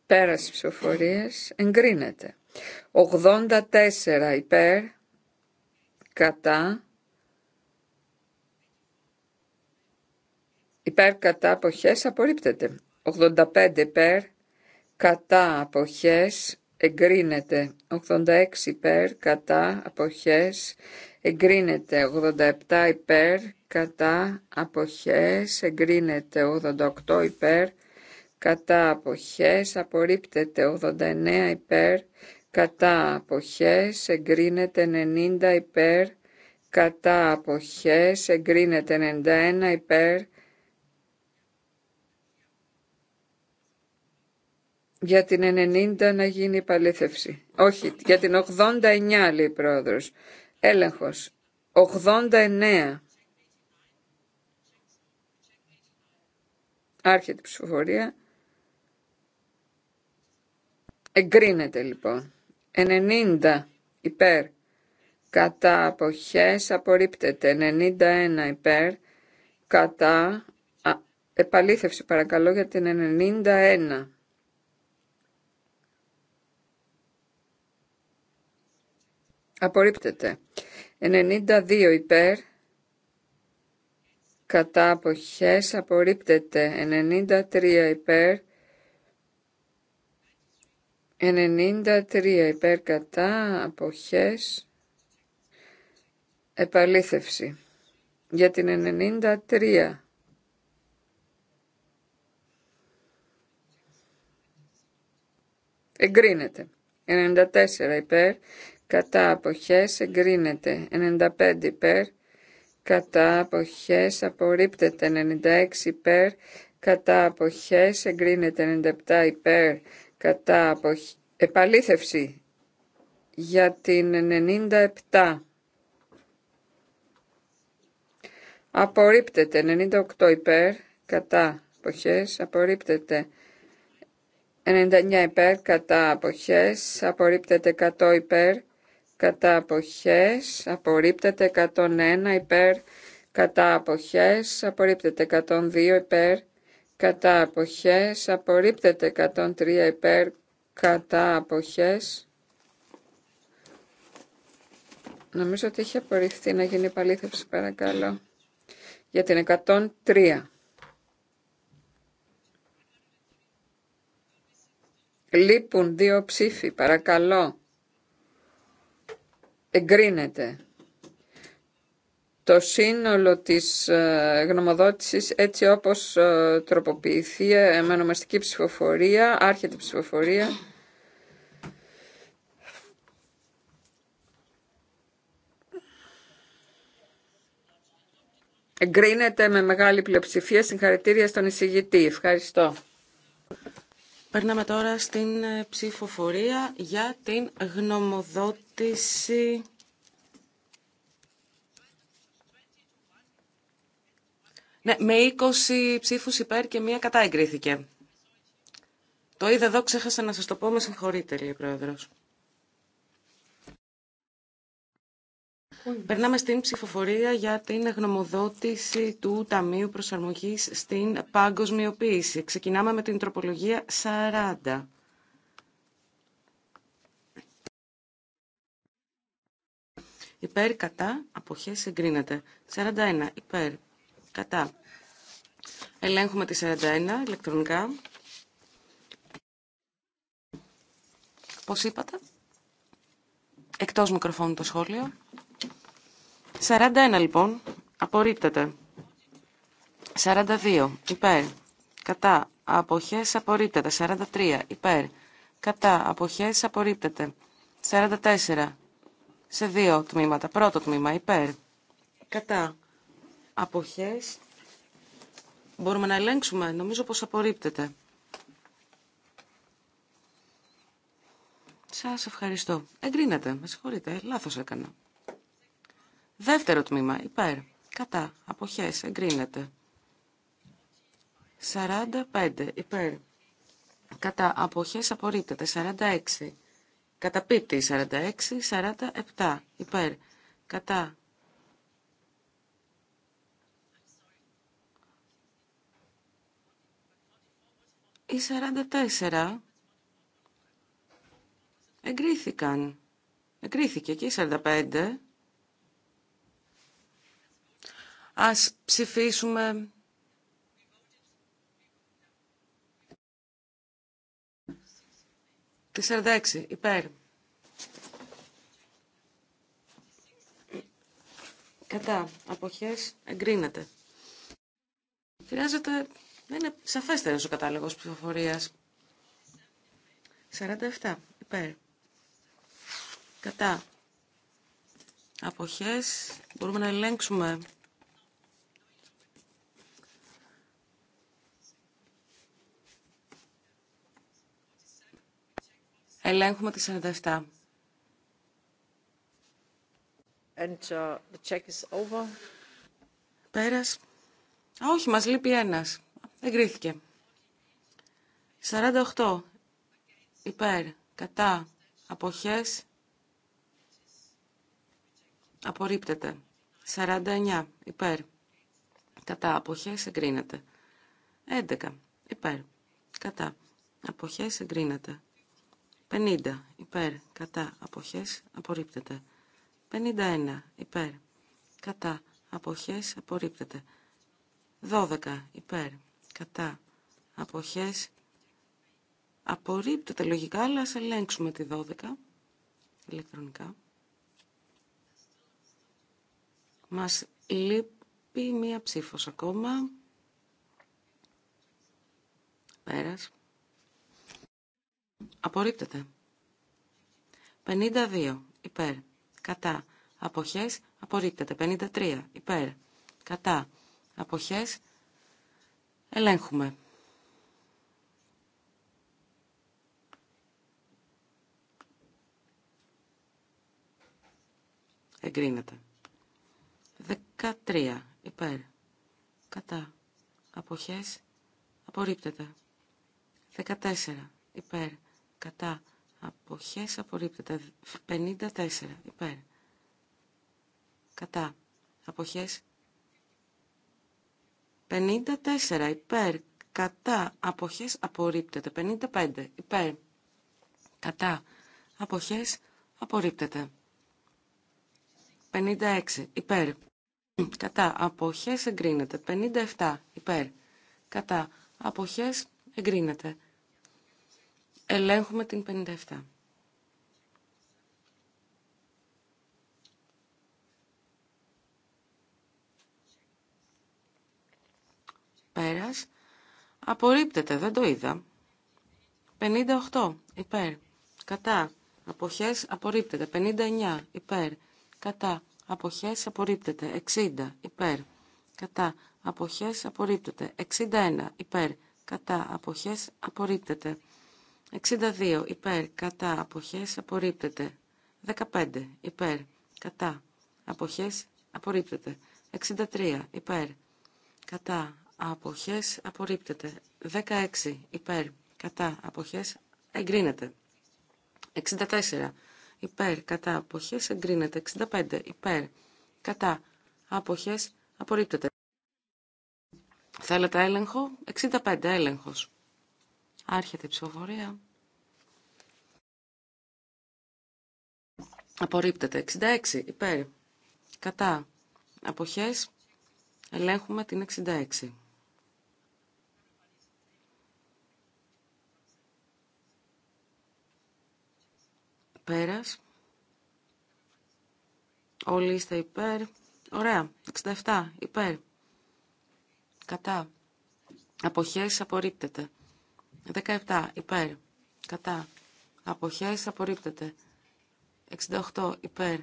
Πέρασε ψηφοφορίες, εγκρίνεται. 84 υπέρ, κατά, υπέρ κατά αποχές απορρίπτεται. 85 υπέρ, κατά αποχές εγκρίνεται 86 υπέρ κατά αποχές εγκρίνεται 87 υπέρ κατά αποχές εγκρίνεται 88 υπέρ κατά αποχές απορρίπτεται 89 υπέρ κατά αποχές εγκρίνεται 90 υπέρ κατά αποχές εγκρίνεται 91 υπέρ για την 90 να γίνει παλήθευση. Όχι, για την 89 λέει η πρόεδρος. Έλεγχος. 89. Άρχεται η ψηφοφορία. Εγκρίνεται λοιπόν. 90 υπέρ. Κατά αποχές απορρίπτεται. 91 υπέρ. Κατά... επαλήθευση παρακαλώ για την 91. Απορρίπτεται. 92 υπέρ. Κατά αποχές απορρίπτεται. 93 υπέρ. 93 υπέρ κατά αποχές επαλήθευση για την 93 εγκρίνεται 94 υπέρ κατά αποχές εγκρίνεται 95 υπέρ κατά αποχές απορρίπτεται 96 υπέρ κατά αποχές εγκρίνεται 97 υπέρ κατά αποχ... επαλήθευση για την 97 απορρίπτεται 98 υπέρ κατά αποχές απορρίπτεται 99 υπέρ κατά αποχές απορρίπτεται 100 υπέρ κατά αποχές απορρίπτεται 101 υπέρ κατά αποχές απορρίπτεται 102 υπέρ κατά αποχές απορρίπτεται 103 υπέρ κατά αποχές νομίζω ότι έχει απορριφθεί να γίνει επαλήθευση παρακαλώ για την 103 Λείπουν δύο ψήφοι, παρακαλώ εγκρίνεται. Το σύνολο της ε, γνωμοδότησης έτσι όπως ε, τροποποιηθεί ε, με ονομαστική ψηφοφορία, άρχεται ψηφοφορία. Εγκρίνεται με μεγάλη πλειοψηφία. Συγχαρητήρια στον εισηγητή. Ευχαριστώ. Περνάμε τώρα στην ε, ψηφοφορία για την γνωμοδότηση Ναι, με 20 ψήφους υπέρ και μία κατά εγκρίθηκε. Το είδα εδώ, ξέχασα να σας το πω, με συγχωρείτε, λέει ο Πρόεδρος. Περνάμε στην ψηφοφορία για την γνωμοδότηση του Ταμείου Προσαρμογής στην παγκοσμιοποίηση. Ξεκινάμε με την τροπολογία 40. Υπέρ, κατά, αποχές εγκρίνεται. 41, υπέρ, κατά. Ελέγχουμε τη 41, ηλεκτρονικά. Πώς είπατε? Εκτός μικροφώνου το σχόλιο. 41 λοιπόν. Απορρίπτεται. 42. Υπέρ. Κατά. Αποχές απορρίπτεται. 43. Υπέρ. Κατά. Αποχές απορρίπτεται. 44. Σε δύο τμήματα. Πρώτο τμήμα. Υπέρ. Κατά. Αποχές. Μπορούμε να ελέγξουμε. Νομίζω πως απορρίπτεται. Σας ευχαριστώ. Εγκρίνεται. Με συγχωρείτε. Λάθος έκανα. Δεύτερο τμήμα. Υπέρ. Κατά. Αποχές. Εγκρίνεται. 45. Υπέρ. Κατά. Αποχές. Απορρίπτεται. 46. Καταπίπτει. 46. 47. Υπέρ. Κατά. Οι 44 εγκρίθηκαν. Εγκρίθηκε και οι 45 Ας ψηφίσουμε. Τη 46, υπέρ. Κατά, αποχές, εγκρίνεται. Χρειάζεται, να είναι σαφέστερος ο κατάλογος ψηφοφορίας. 47, υπέρ. Κατά. Αποχές, μπορούμε να ελέγξουμε Ελέγχουμε τη 47. And, uh, the check is over. Πέρας. Α, όχι, μας λείπει ένας. Εγκρίθηκε. 48. Υπέρ. Κατά. Αποχές. Απορρίπτεται. 49. Υπέρ. Κατά. Αποχές. Εγκρίνεται. 11. Υπέρ. Κατά. Αποχές. Εγκρίνεται. 50 υπέρ κατά αποχές απορρίπτεται. 51 υπέρ κατά αποχές απορρίπτεται. 12 υπέρ κατά αποχές απορρίπτεται λογικά, αλλά ας ελέγξουμε τη 12 ηλεκτρονικά. Μας λείπει μία ψήφος ακόμα. Πέρας. Απορρίπτεται. 52. Υπέρ. Κατά. Αποχές. Απορρίπτεται. 53. Υπέρ. Κατά. Αποχές. Ελέγχουμε. Εγκρίνεται. 13. Υπέρ. Κατά. Αποχές. Απορρίπτεται. 14. Υπέρ κατά αποχές απορρίπτεται 54 υπέρ κατά αποχές 54 υπέρ κατά αποχές απορρίπτεται 55 υπέρ κατά αποχές απορρίπτεται 56 υπέρ κατά αποχές εγκρίνεται 57 υπέρ κατά αποχές εγκρίνεται Ελέγχουμε την 57. Πέρας. Απορρίπτεται, δεν το είδα. 58. Υπέρ. Κατά. Αποχές απορρίπτεται. 59. Υπέρ. Κατά. Αποχές απορρίπτεται. 60. Υπέρ. Κατά. Αποχές απορρίπτεται. 61. Υπέρ. Κατά. Αποχές απορρίπτεται. 62 υπέρ κατά αποχές απορρίπτεται. 15 υπέρ κατά αποχές απορρίπτεται. 63 υπέρ κατά αποχές απορρίπτεται. 16 υπέρ κατά αποχές εγκρίνεται. 64 υπέρ κατά αποχές εγκρίνεται. 65 υπέρ κατά αποχές απορρίπτεται. Θέλετε έλεγχο. 65 έλεγχος. Άρχεται η ψηφοφορία. Απορρίπτεται. 66 υπέρ. Κατά. Αποχές. Ελέγχουμε την 66. Πέρας. Όλοι είστε υπέρ. Ωραία. 67 υπέρ. Κατά. Αποχές απορρίπτεται. 17 υπέρ. Κατά. Αποχές απορρίπτεται. 68 υπέρ.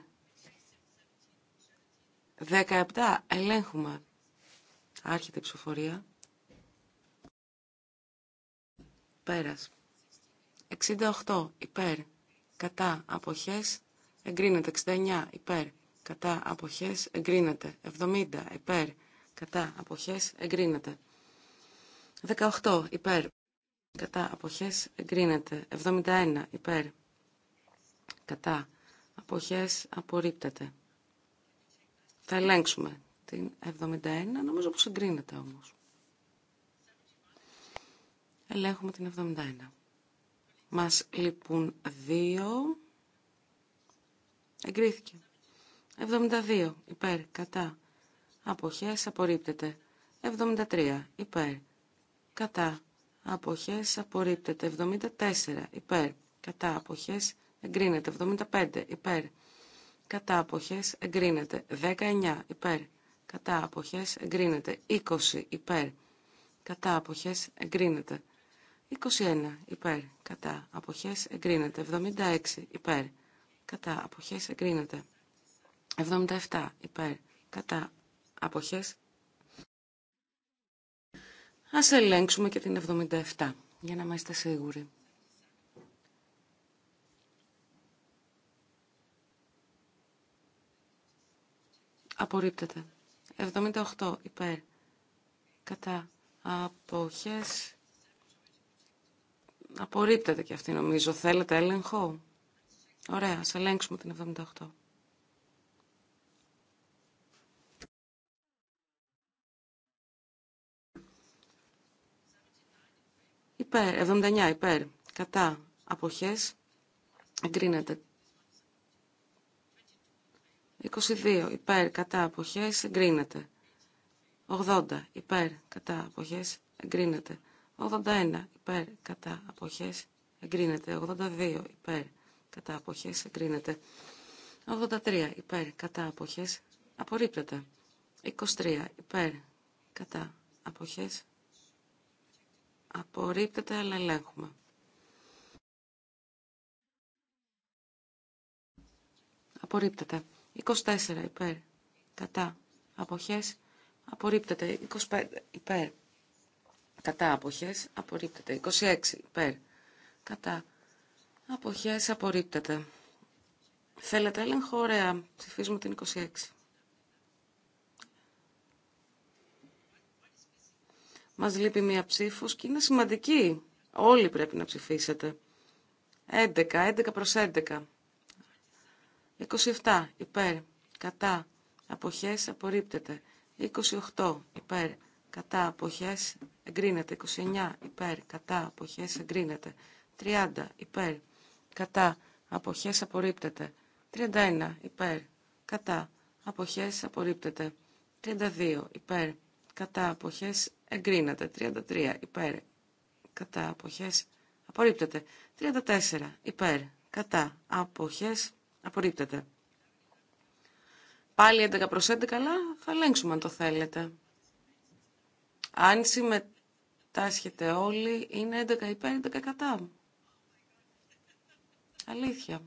17 ελέγχουμε. Άρχεται η ψηφοφορία. Πέρας. 68 υπέρ. Κατά. Αποχές εγκρίνεται. 69 υπέρ. Κατά. Αποχές εγκρίνεται. 70 υπέρ. Κατά. Αποχές εγκρίνεται. 18 υπέρ κατά αποχές εγκρίνεται 71 υπέρ κατά αποχές απορρίπτεται θα ελέγξουμε την 71 νομίζω πως εγκρίνεται όμως ελέγχουμε την 71 μας λείπουν δύο. εγκρίθηκε 72 υπέρ κατά αποχές απορρίπτεται 73 υπέρ κατά αποχές απορρίπτεται. 74 υπέρ, κατά αποχές εγκρίνεται. 75 υπέρ, κατά αποχές εγκρίνεται. 19 υπέρ, κατά αποχές εγκρίνεται. 20 υπέρ, κατά αποχές εγκρίνεται. 21 υπέρ, κατά αποχές εγκρίνεται. 76 υπέρ, κατά αποχές εγκρίνεται. 77 υπέρ, κατά αποχές Ας ελέγξουμε και την 77, για να είμαστε σίγουροι. Απορρίπτεται. 78 υπέρ. Κατά αποχές. Απορρίπτεται και αυτή νομίζω. Θέλετε έλεγχο. Ωραία, ας ελέγξουμε την 78. υπέρ, 79 υπέρ, κατά, αποχές, εγκρίνεται. 22 υπέρ, κατά, αποχές, εγκρίνεται. 80 υπέρ, κατά, αποχές, εγκρίνεται. 81 υπέρ, κατά, αποχές, εγκρίνεται. 82 υπέρ, κατά, αποχές, εγκρίνεται. 83 υπέρ, κατά, αποχές, απορρίπτεται. 23 υπέρ, κατά, αποχές, Απορρίπτεται, αλλά ελέγχουμε. Απορρίπτεται. 24 υπέρ. Κατά. Αποχές. Απορρίπτεται. 25 υπέρ. Κατά. Αποχές. Απορρίπτεται. 26 υπέρ. Κατά. Αποχές. Απορρίπτεται. Θέλετε έλεγχο. Ωραία. Ψηφίζουμε την 26. Μας λείπει μία ψήφος και είναι σημαντική. Όλοι πρέπει να ψηφίσετε. 11, 11 προ 11. 27, υπέρ, κατά, αποχές, απορρίπτεται. 28, υπέρ, κατά, αποχές, εγκρίνεται. 29, υπέρ, κατά, αποχές, εγκρίνεται. 30, υπέρ, κατά, αποχές, απορρίπτεται. 31, υπέρ, κατά, αποχές, απορρίπτεται. 32, υπέρ, κατά, αποχές, εγκρίνεται. 33 υπέρ κατά αποχές απορρίπτεται. 34 υπέρ κατά απόχέ. απορρίπτεται. Πάλι 11 προς 11, αλλά θα ελέγξουμε αν το θέλετε. Αν συμμετάσχετε όλοι, είναι 11 υπέρ, 11 κατά. Αλήθεια.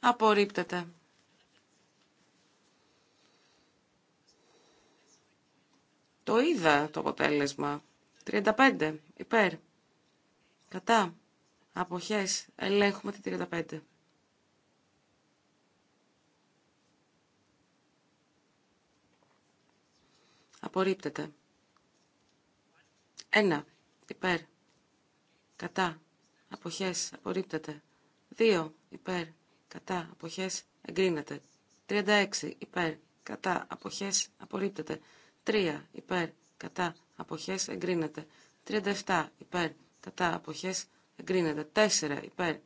Απορρίπτεται. Το είδα το αποτέλεσμα. 35 υπέρ. Κατά. Αποχές. Ελέγχουμε τη 35. Απορρίπτεται. 1. Υπέρ. Κατά. Αποχές. Απορρίπτεται. 2. Υπέρ. Κατά. Αποχές. Εγκρίνεται. 36. Υπέρ. Κατά. Αποχές. Απορρίπτεται. 3 υπέρ κατά απόχέ εγκρίνεται. 37 υπέρ κατά απόχέ εγκρίνεται. 4 υπέρ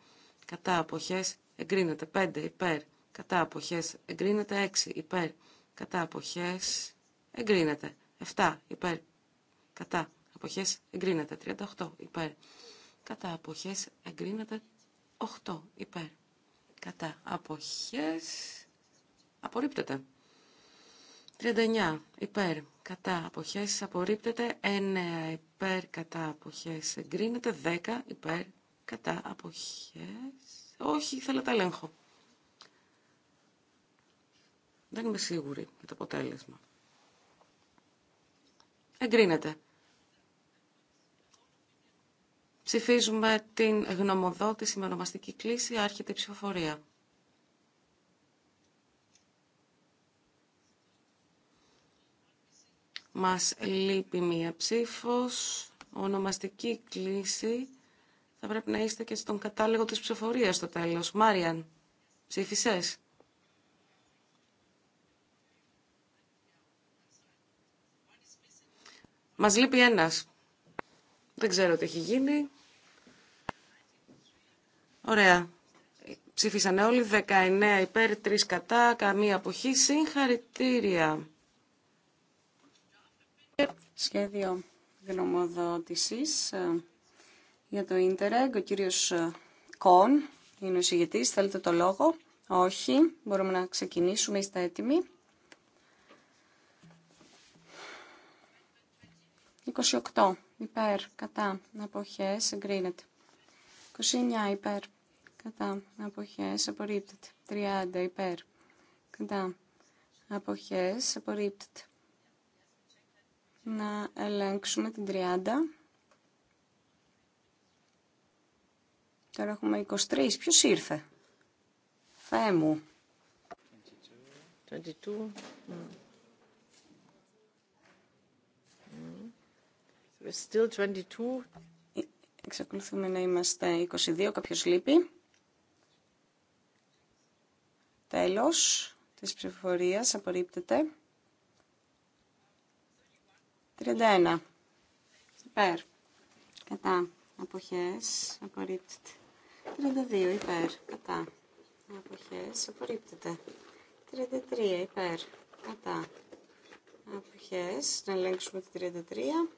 κατά απόχέ εγκρίνεται. 5 υπέρ κατά απόχέ εγκρίνεται. 6 υπέρ κατά αποχές εγκρίνεται. 7 υπέρ κατά αποχές εγκρίνεται. 38 υπέρ κατά αποχές εγκρίνεται. 8 υπέρ κατά απόχέ. απορρίπτεται. 39 υπέρ κατά αποχές απορρίπτεται, 9 υπέρ κατά αποχές εγκρίνεται, 10 υπέρ κατά αποχές... Όχι, θέλω τα ελέγχω. Δεν είμαι σίγουρη για το αποτέλεσμα. Εγκρίνεται. Ψηφίζουμε την γνωμοδότηση με ονομαστική κλίση, άρχεται η ψηφοφορία. Μας λείπει μία ψήφος, ονομαστική κλίση. Θα πρέπει να είστε και στον κατάλογο της ψηφοφορίας στο τέλος. Μάριαν, ψήφισες. Μας λείπει ένας. Δεν ξέρω τι έχει γίνει. Ωραία. Ψήφισαν όλοι 19 υπέρ, 3 κατά, καμία αποχή. Συγχαρητήρια σχέδιο γνωμοδότησης ε, για το Ίντερεγκ. Ο κύριος ε, Κον είναι ο συγγετής. Θέλετε το λόγο. Όχι. Μπορούμε να ξεκινήσουμε. Είστε έτοιμοι. 28. Υπέρ. Κατά. Αποχές. Εγκρίνεται. 29. Υπέρ. Κατά. Αποχές. Απορρίπτεται. 30. Υπέρ. Κατά. Αποχές. Απορρίπτεται να ελέγξουμε την 30. Τώρα έχουμε 23. Ποιος ήρθε. Θεέ μου. 22. Mm. Mm. still 22. Εξακολουθούμε να είμαστε 22, κάποιος λείπει. Τέλος της ψηφοφορίας, απορρίπτεται. 31. Υπέρ. Κατά. Αποχές. Απορρίπτεται. 32. Υπέρ. Κατά. Αποχές. Απορρίπτεται. 33. Υπέρ. Κατά. Αποχές. Να ελέγξουμε τη 33.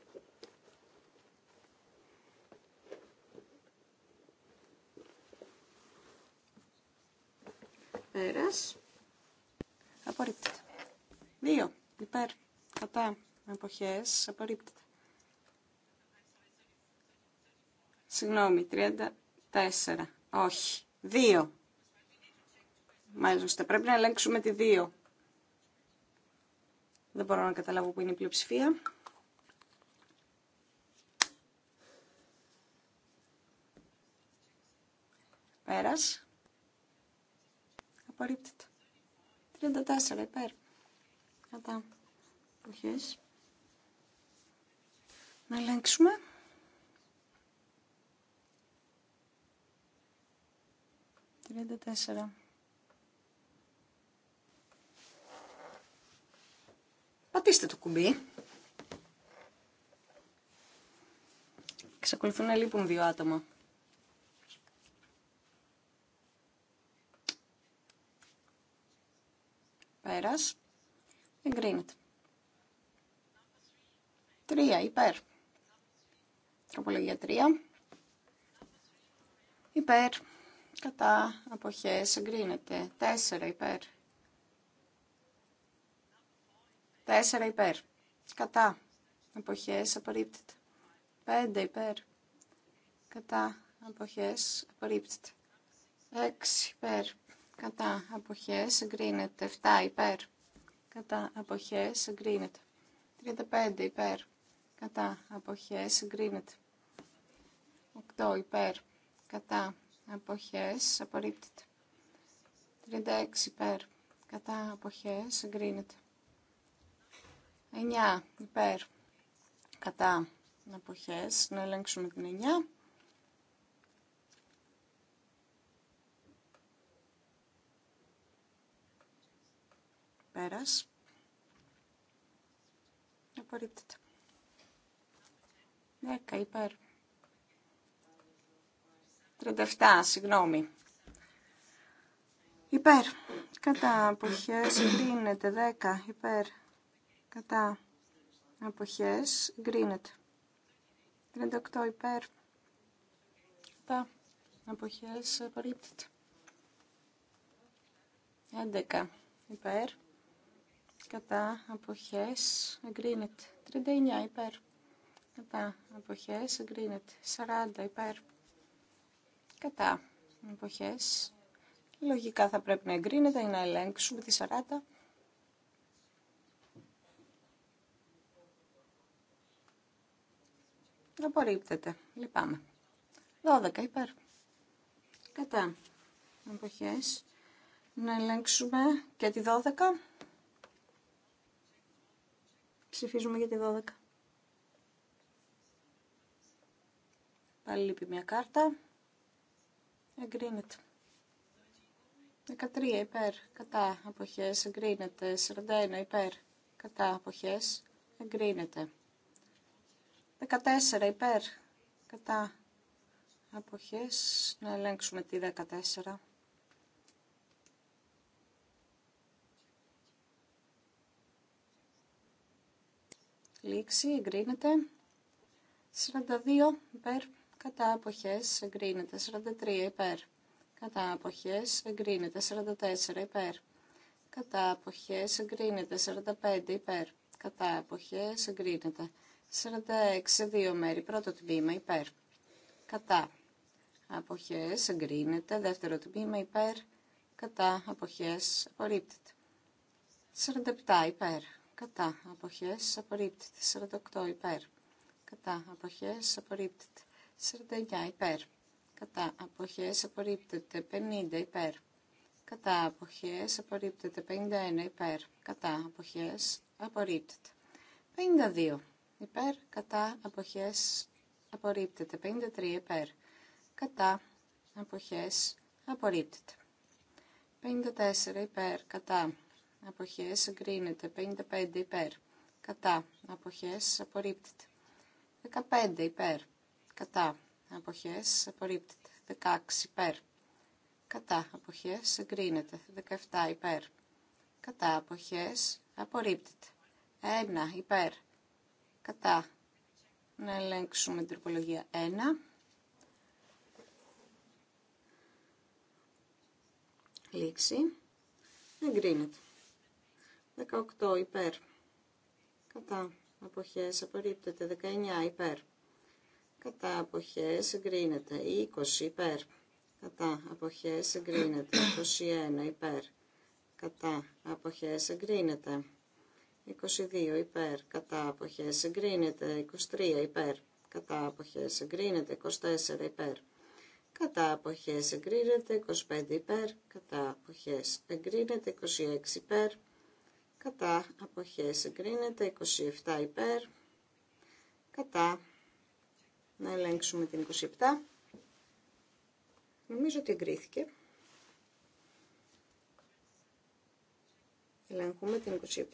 Πέρας. Απορρίπτεται. 2. Υπέρ. Κατά Εποχές. απορρίπτεται. Συγγνώμη, 34. Όχι. 2. Μάλιστα, πρέπει να ελέγξουμε τη 2. Δεν μπορώ να καταλάβω που είναι η πλειοψηφία. Πέρας. Απορρίπτεται. 34 υπέρ. Κατά. Εποχές να ελέγξουμε. Τριάντα τέσσερα. Πατήστε το κουμπί. Ξεκολουθούν να λείπουν δύο άτομα. Πέρας. Εγκρίνεται. Τρία υπέρ. Τροπολογία 3. Υπέρ. Κατά αποχές εγκρίνεται. 4 υπέρ. 4 υπέρ. Κατά αποχές απορρίπτεται. 5 υπέρ. Κατά αποχές απορρίπτεται. 6 υπέρ. Κατά αποχές εγκρίνεται. 7 υπέρ. Κατά αποχές εγκρίνεται. 35 υπέρ. Κατά αποχές εγκρίνεται. 8 υπέρ κατά αποχές απορρίπτεται. 36 υπέρ κατά αποχές εγκρίνεται. 9 υπέρ κατά αποχές. Να ελέγξουμε την 9. Πέρας. Απορρίπτεται. 10 υπέρ 37, συγγνώμη. Υπέρ. Κατά αποχές γκρίνεται. 10. Υπέρ. Κατά αποχές γκρίνεται. 38. Υπέρ. Κατά αποχές απορρίπτεται. 11. Υπέρ. Κατά αποχές εγκρίνεται. 39. Υπέρ. Κατά αποχές εγκρίνεται. 40. Υπέρ κατά εποχές. Λογικά θα πρέπει να εγκρίνεται ή να ελέγξουμε τη 40. Απορρίπτεται. Λυπάμαι. 12 υπέρ. Κατά εποχές. Να ελέγξουμε και τη 12. Ψηφίζουμε για τη 12. Πάλι λείπει μια κάρτα εγκρίνεται. 13 υπέρ, κατά αποχές, εγκρίνεται. 41 υπέρ, κατά αποχές, εγκρίνεται. 14 υπέρ, κατά αποχές, να ελέγξουμε τη 14. Λήξη, εγκρίνεται. 42 υπέρ, κατά αποχές εγκρίνεται 43 υπέρ, κατά αποχές εγκρίνεται 44 υπέρ, κατά αποχές εγκρίνεται 45 υπέρ, κατά αποχές εγκρίνεται 46 δύο μέρη, πρώτο τμήμα υπέρ, κατά αποχές εγκρίνεται, δεύτερο τμήμα υπέρ, κατά αποχές απορρίπτεται. 47 υπέρ, κατά αποχές απορρίπτεται, 48 υπέρ, κατά αποχές απορρίπτεται. 49 υπέρ. Κατά αποχές απορρίπτεται 50 υπέρ. Κατά αποχές απορρίπτεται 51 υπέρ. Κατά αποχές απορρίπτεται 52 υπέρ. Κατά αποχές απορρίπτεται 53 υπέρ. Κατά αποχές απορρίπτεται 54 υπέρ. Κατά αποχές εγκρίνεται 55 υπέρ. Κατά αποχές απορρίπτεται 15 υπέρ κατά αποχές απορρίπτεται 16 υπέρ κατά αποχές εγκρίνεται 17 υπέρ κατά αποχές απορρίπτεται 1 υπέρ κατά να ελέγξουμε την τροπολογία 1 λήξη εγκρίνεται 18 υπέρ κατά αποχές απορρίπτεται 19 υπέρ κατά αποχές συγκρίνεται 20 υπέρ κατά αποχές εγκρίνεται 21 υπέρ κατά αποχές εγκρίνεται 22 υπέρ κατά αποχές εγκρίνεται 23 υπέρ κατά αποχές εγκρίνεται 24 υπέρ κατά αποχές εγκρίνεται 25 υπέρ κατά αποχές εγκρίνεται 26 υπέρ κατά αποχές εγκρίνεται 27 υπέρ κατά να ελέγξουμε την 27. Νομίζω ότι εγκρίθηκε. Ελέγχουμε την 27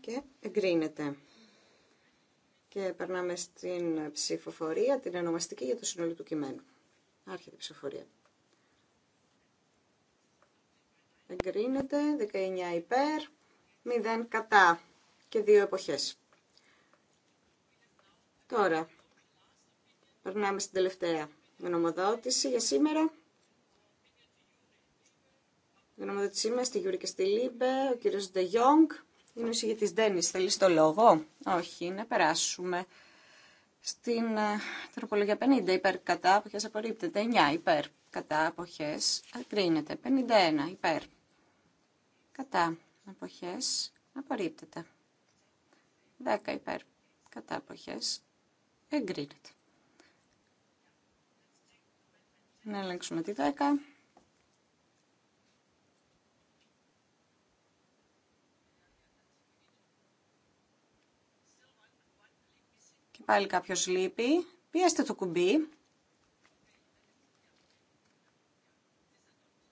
και εγκρίνεται. Και περνάμε στην ψηφοφορία, την ενομαστική για το σύνολο του κειμένου. Άρχεται η ψηφοφορία. Εγκρίνεται 19 υπέρ, 0 κατά και 2 εποχές. Τώρα Περνάμε στην τελευταία γνωμοδότηση για σήμερα. Γνωμοδότησή μα στη Γιούρη και στη Λίμπε, ο κύριο Ντε Είναι ο εισηγητής Ντένι. θέλει το λόγο? Όχι, να περάσουμε. Στην ε, τροπολογία 50 υπέρ κατά αποχέ απορρίπτεται. 9 υπέρ κατά αποχέ. ακρίνεται. 51 υπέρ κατά αποχές απορρίπτεται. 10 υπέρ κατά αποχές εγκρίνεται. Να ελέγξουμε τη 10. Και πάλι κάποιος λείπει. Πιέστε το κουμπί.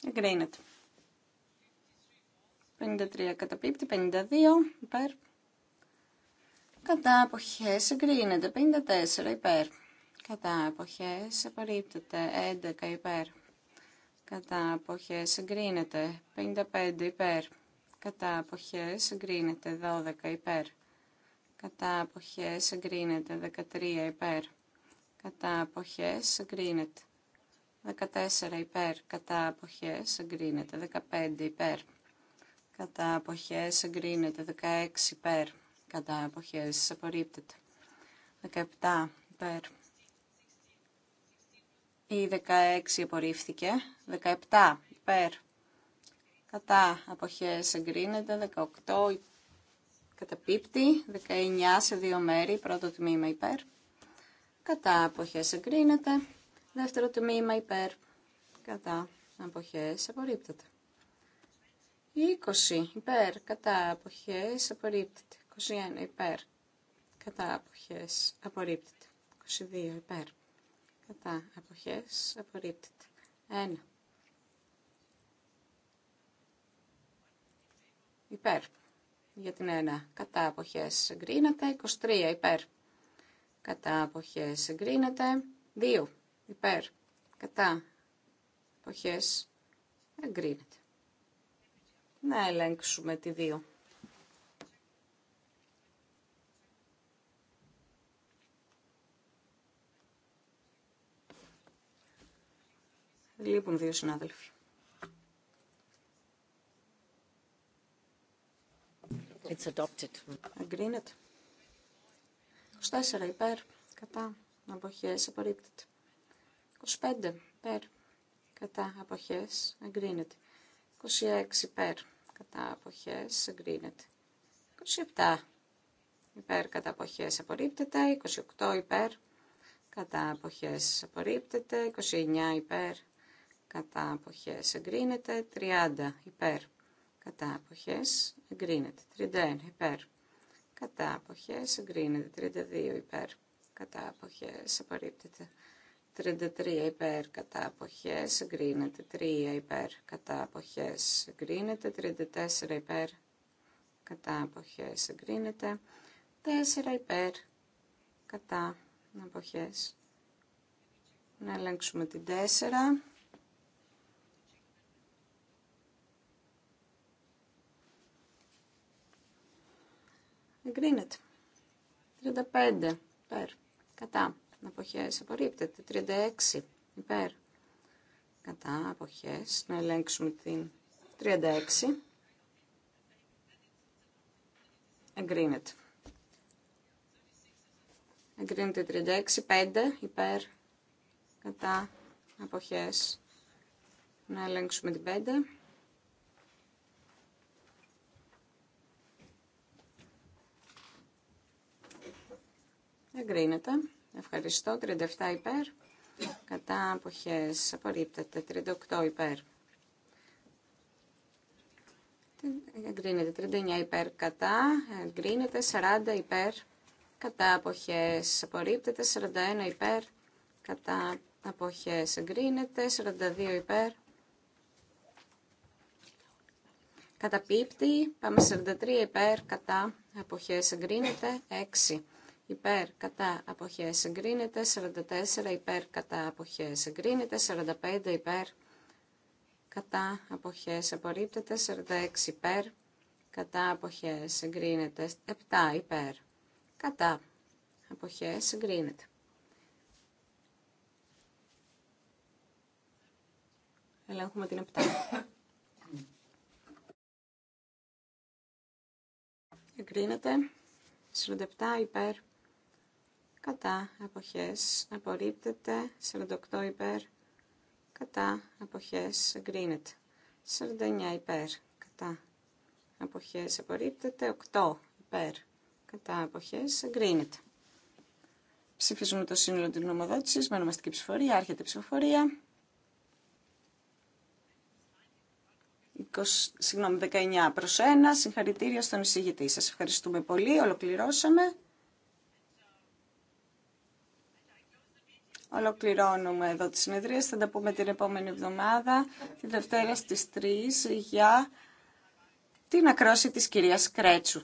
Εγκρίνεται. 53 καταπίπτει, 52 υπέρ. Κατά αποχές εγκρίνεται, 54 υπέρ κατά εποχές απορρίπτεται 11 υπέρ κατά εποχές συγκρίνεται, 55 υπέρ κατά εποχές συγκρίνεται 12 υπέρ κατά εποχές συγκρίνεται 13 υπέρ κατά εποχές συγκρίνεται 14 υπέρ κατά εποχές εγκρίνεται 15 υπέρ κατά εποχές συγκρίνεται 16 υπέρ κατά εποχές απορρίπτεται 17 υπέρ η 16 απορρίφθηκε. 17 υπέρ. Κατά αποχές εγκρίνεται. 18 καταπίπτει. 19 σε δύο μέρη. Πρώτο τμήμα υπέρ. Κατά αποχές εγκρίνεται. Δεύτερο τμήμα υπέρ. Κατά αποχές απορρίπτεται. 20 υπέρ. Κατά αποχές απορρίπτεται. 21 υπέρ. Κατά αποχές απορρίπτεται. 22 υπέρ κατά αποχές απορρίπτεται. 1. Υπέρ. Για την 1. Κατά αποχές εγκρίνεται. 23. Υπέρ. Κατά αποχές εγκρίνεται. 2. Υπέρ. Κατά αποχές εγκρίνεται. Να ελέγξουμε τη 2. Λείπουν δύο συνάδελφοι. It's adopted. Agreed. 24 υπέρ, κατά, αποχές, απορρίπτεται. 25 υπέρ, κατά, αποχές, εγκρίνεται. 26 υπέρ, κατά, αποχές, εγκρίνεται. 27 υπέρ, κατά, αποχές, απορρίπτεται. 28 υπέρ, κατά, αποχές, απορρίπτεται. 29 υπέρ, κατά αποχές εγκρίνεται, 30 υπέρ κατά αποχές εγκρίνεται, 31 υπέρ κατά αποχές εγκρίνεται, 32 υπέρ κατά αποχές απορρίπτεται, 33 υπέρ κατά αποχές εγκρίνεται, 3 υπέρ κατά αποχές εγκρίνεται, 34 υπέρ κατά αποχές εγκρίνεται, 4 υπέρ κατά αποχές να ελέγξουμε την 4. Εγκρίνεται. 35. Υπέρ. Κατά. Αποχές. Απορρίπτεται. 36. Υπέρ. Κατά. Αποχές. Να ελέγξουμε την 36. Εγκρίνεται. Εγκρίνεται 36. 5. Υπέρ. Κατά. Αποχές. Να ελέγξουμε την 5. Εγκρίνεται. Ευχαριστώ. 37 υπέρ. Κατά αποχές απορρίπτεται. 38 υπέρ. Εγκρίνεται. 39 υπέρ. Κατά. Εγκρίνεται. 40 υπέρ. Κατά αποχές απορρίπτεται. 41 υπέρ. Κατά αποχές εγκρίνεται. 42 υπέρ. Καταπίπτει. Πάμε 43 υπέρ. Κατά αποχές εγκρίνεται. 6 υπέρ κατά αποχέ εγκρίνεται, 44 υπέρ κατά αποχέ εγκρίνεται, 45 υπέρ κατά αποχέ απορρίπτεται, 46 υπέρ κατά αποχε εγκρίνεται, 7 υπέρ κατά αποχέ εγκρίνεται. Ελέγχουμε την 7. Εγκρίνεται. 47 υπέρ κατά αποχές απορρίπτεται 48 υπέρ κατά αποχές εγκρίνεται 49 υπέρ κατά αποχές απορρίπτεται 8 υπέρ κατά αποχές εγκρίνεται Ψηφίζουμε το σύνολο της νομοδότησης, με ονομαστική ψηφορία, άρχεται η ψηφοφορία. 20, συγγνώμη, 19 προς 1. Συγχαρητήρια στον εισηγητή σας. Ευχαριστούμε πολύ. Ολοκληρώσαμε. Ολοκληρώνουμε εδώ τη συνεδρία. Θα τα πούμε την επόμενη εβδομάδα, τη Δευτέρα στις 3, για την ακρόση της κυρίας Κρέτσου.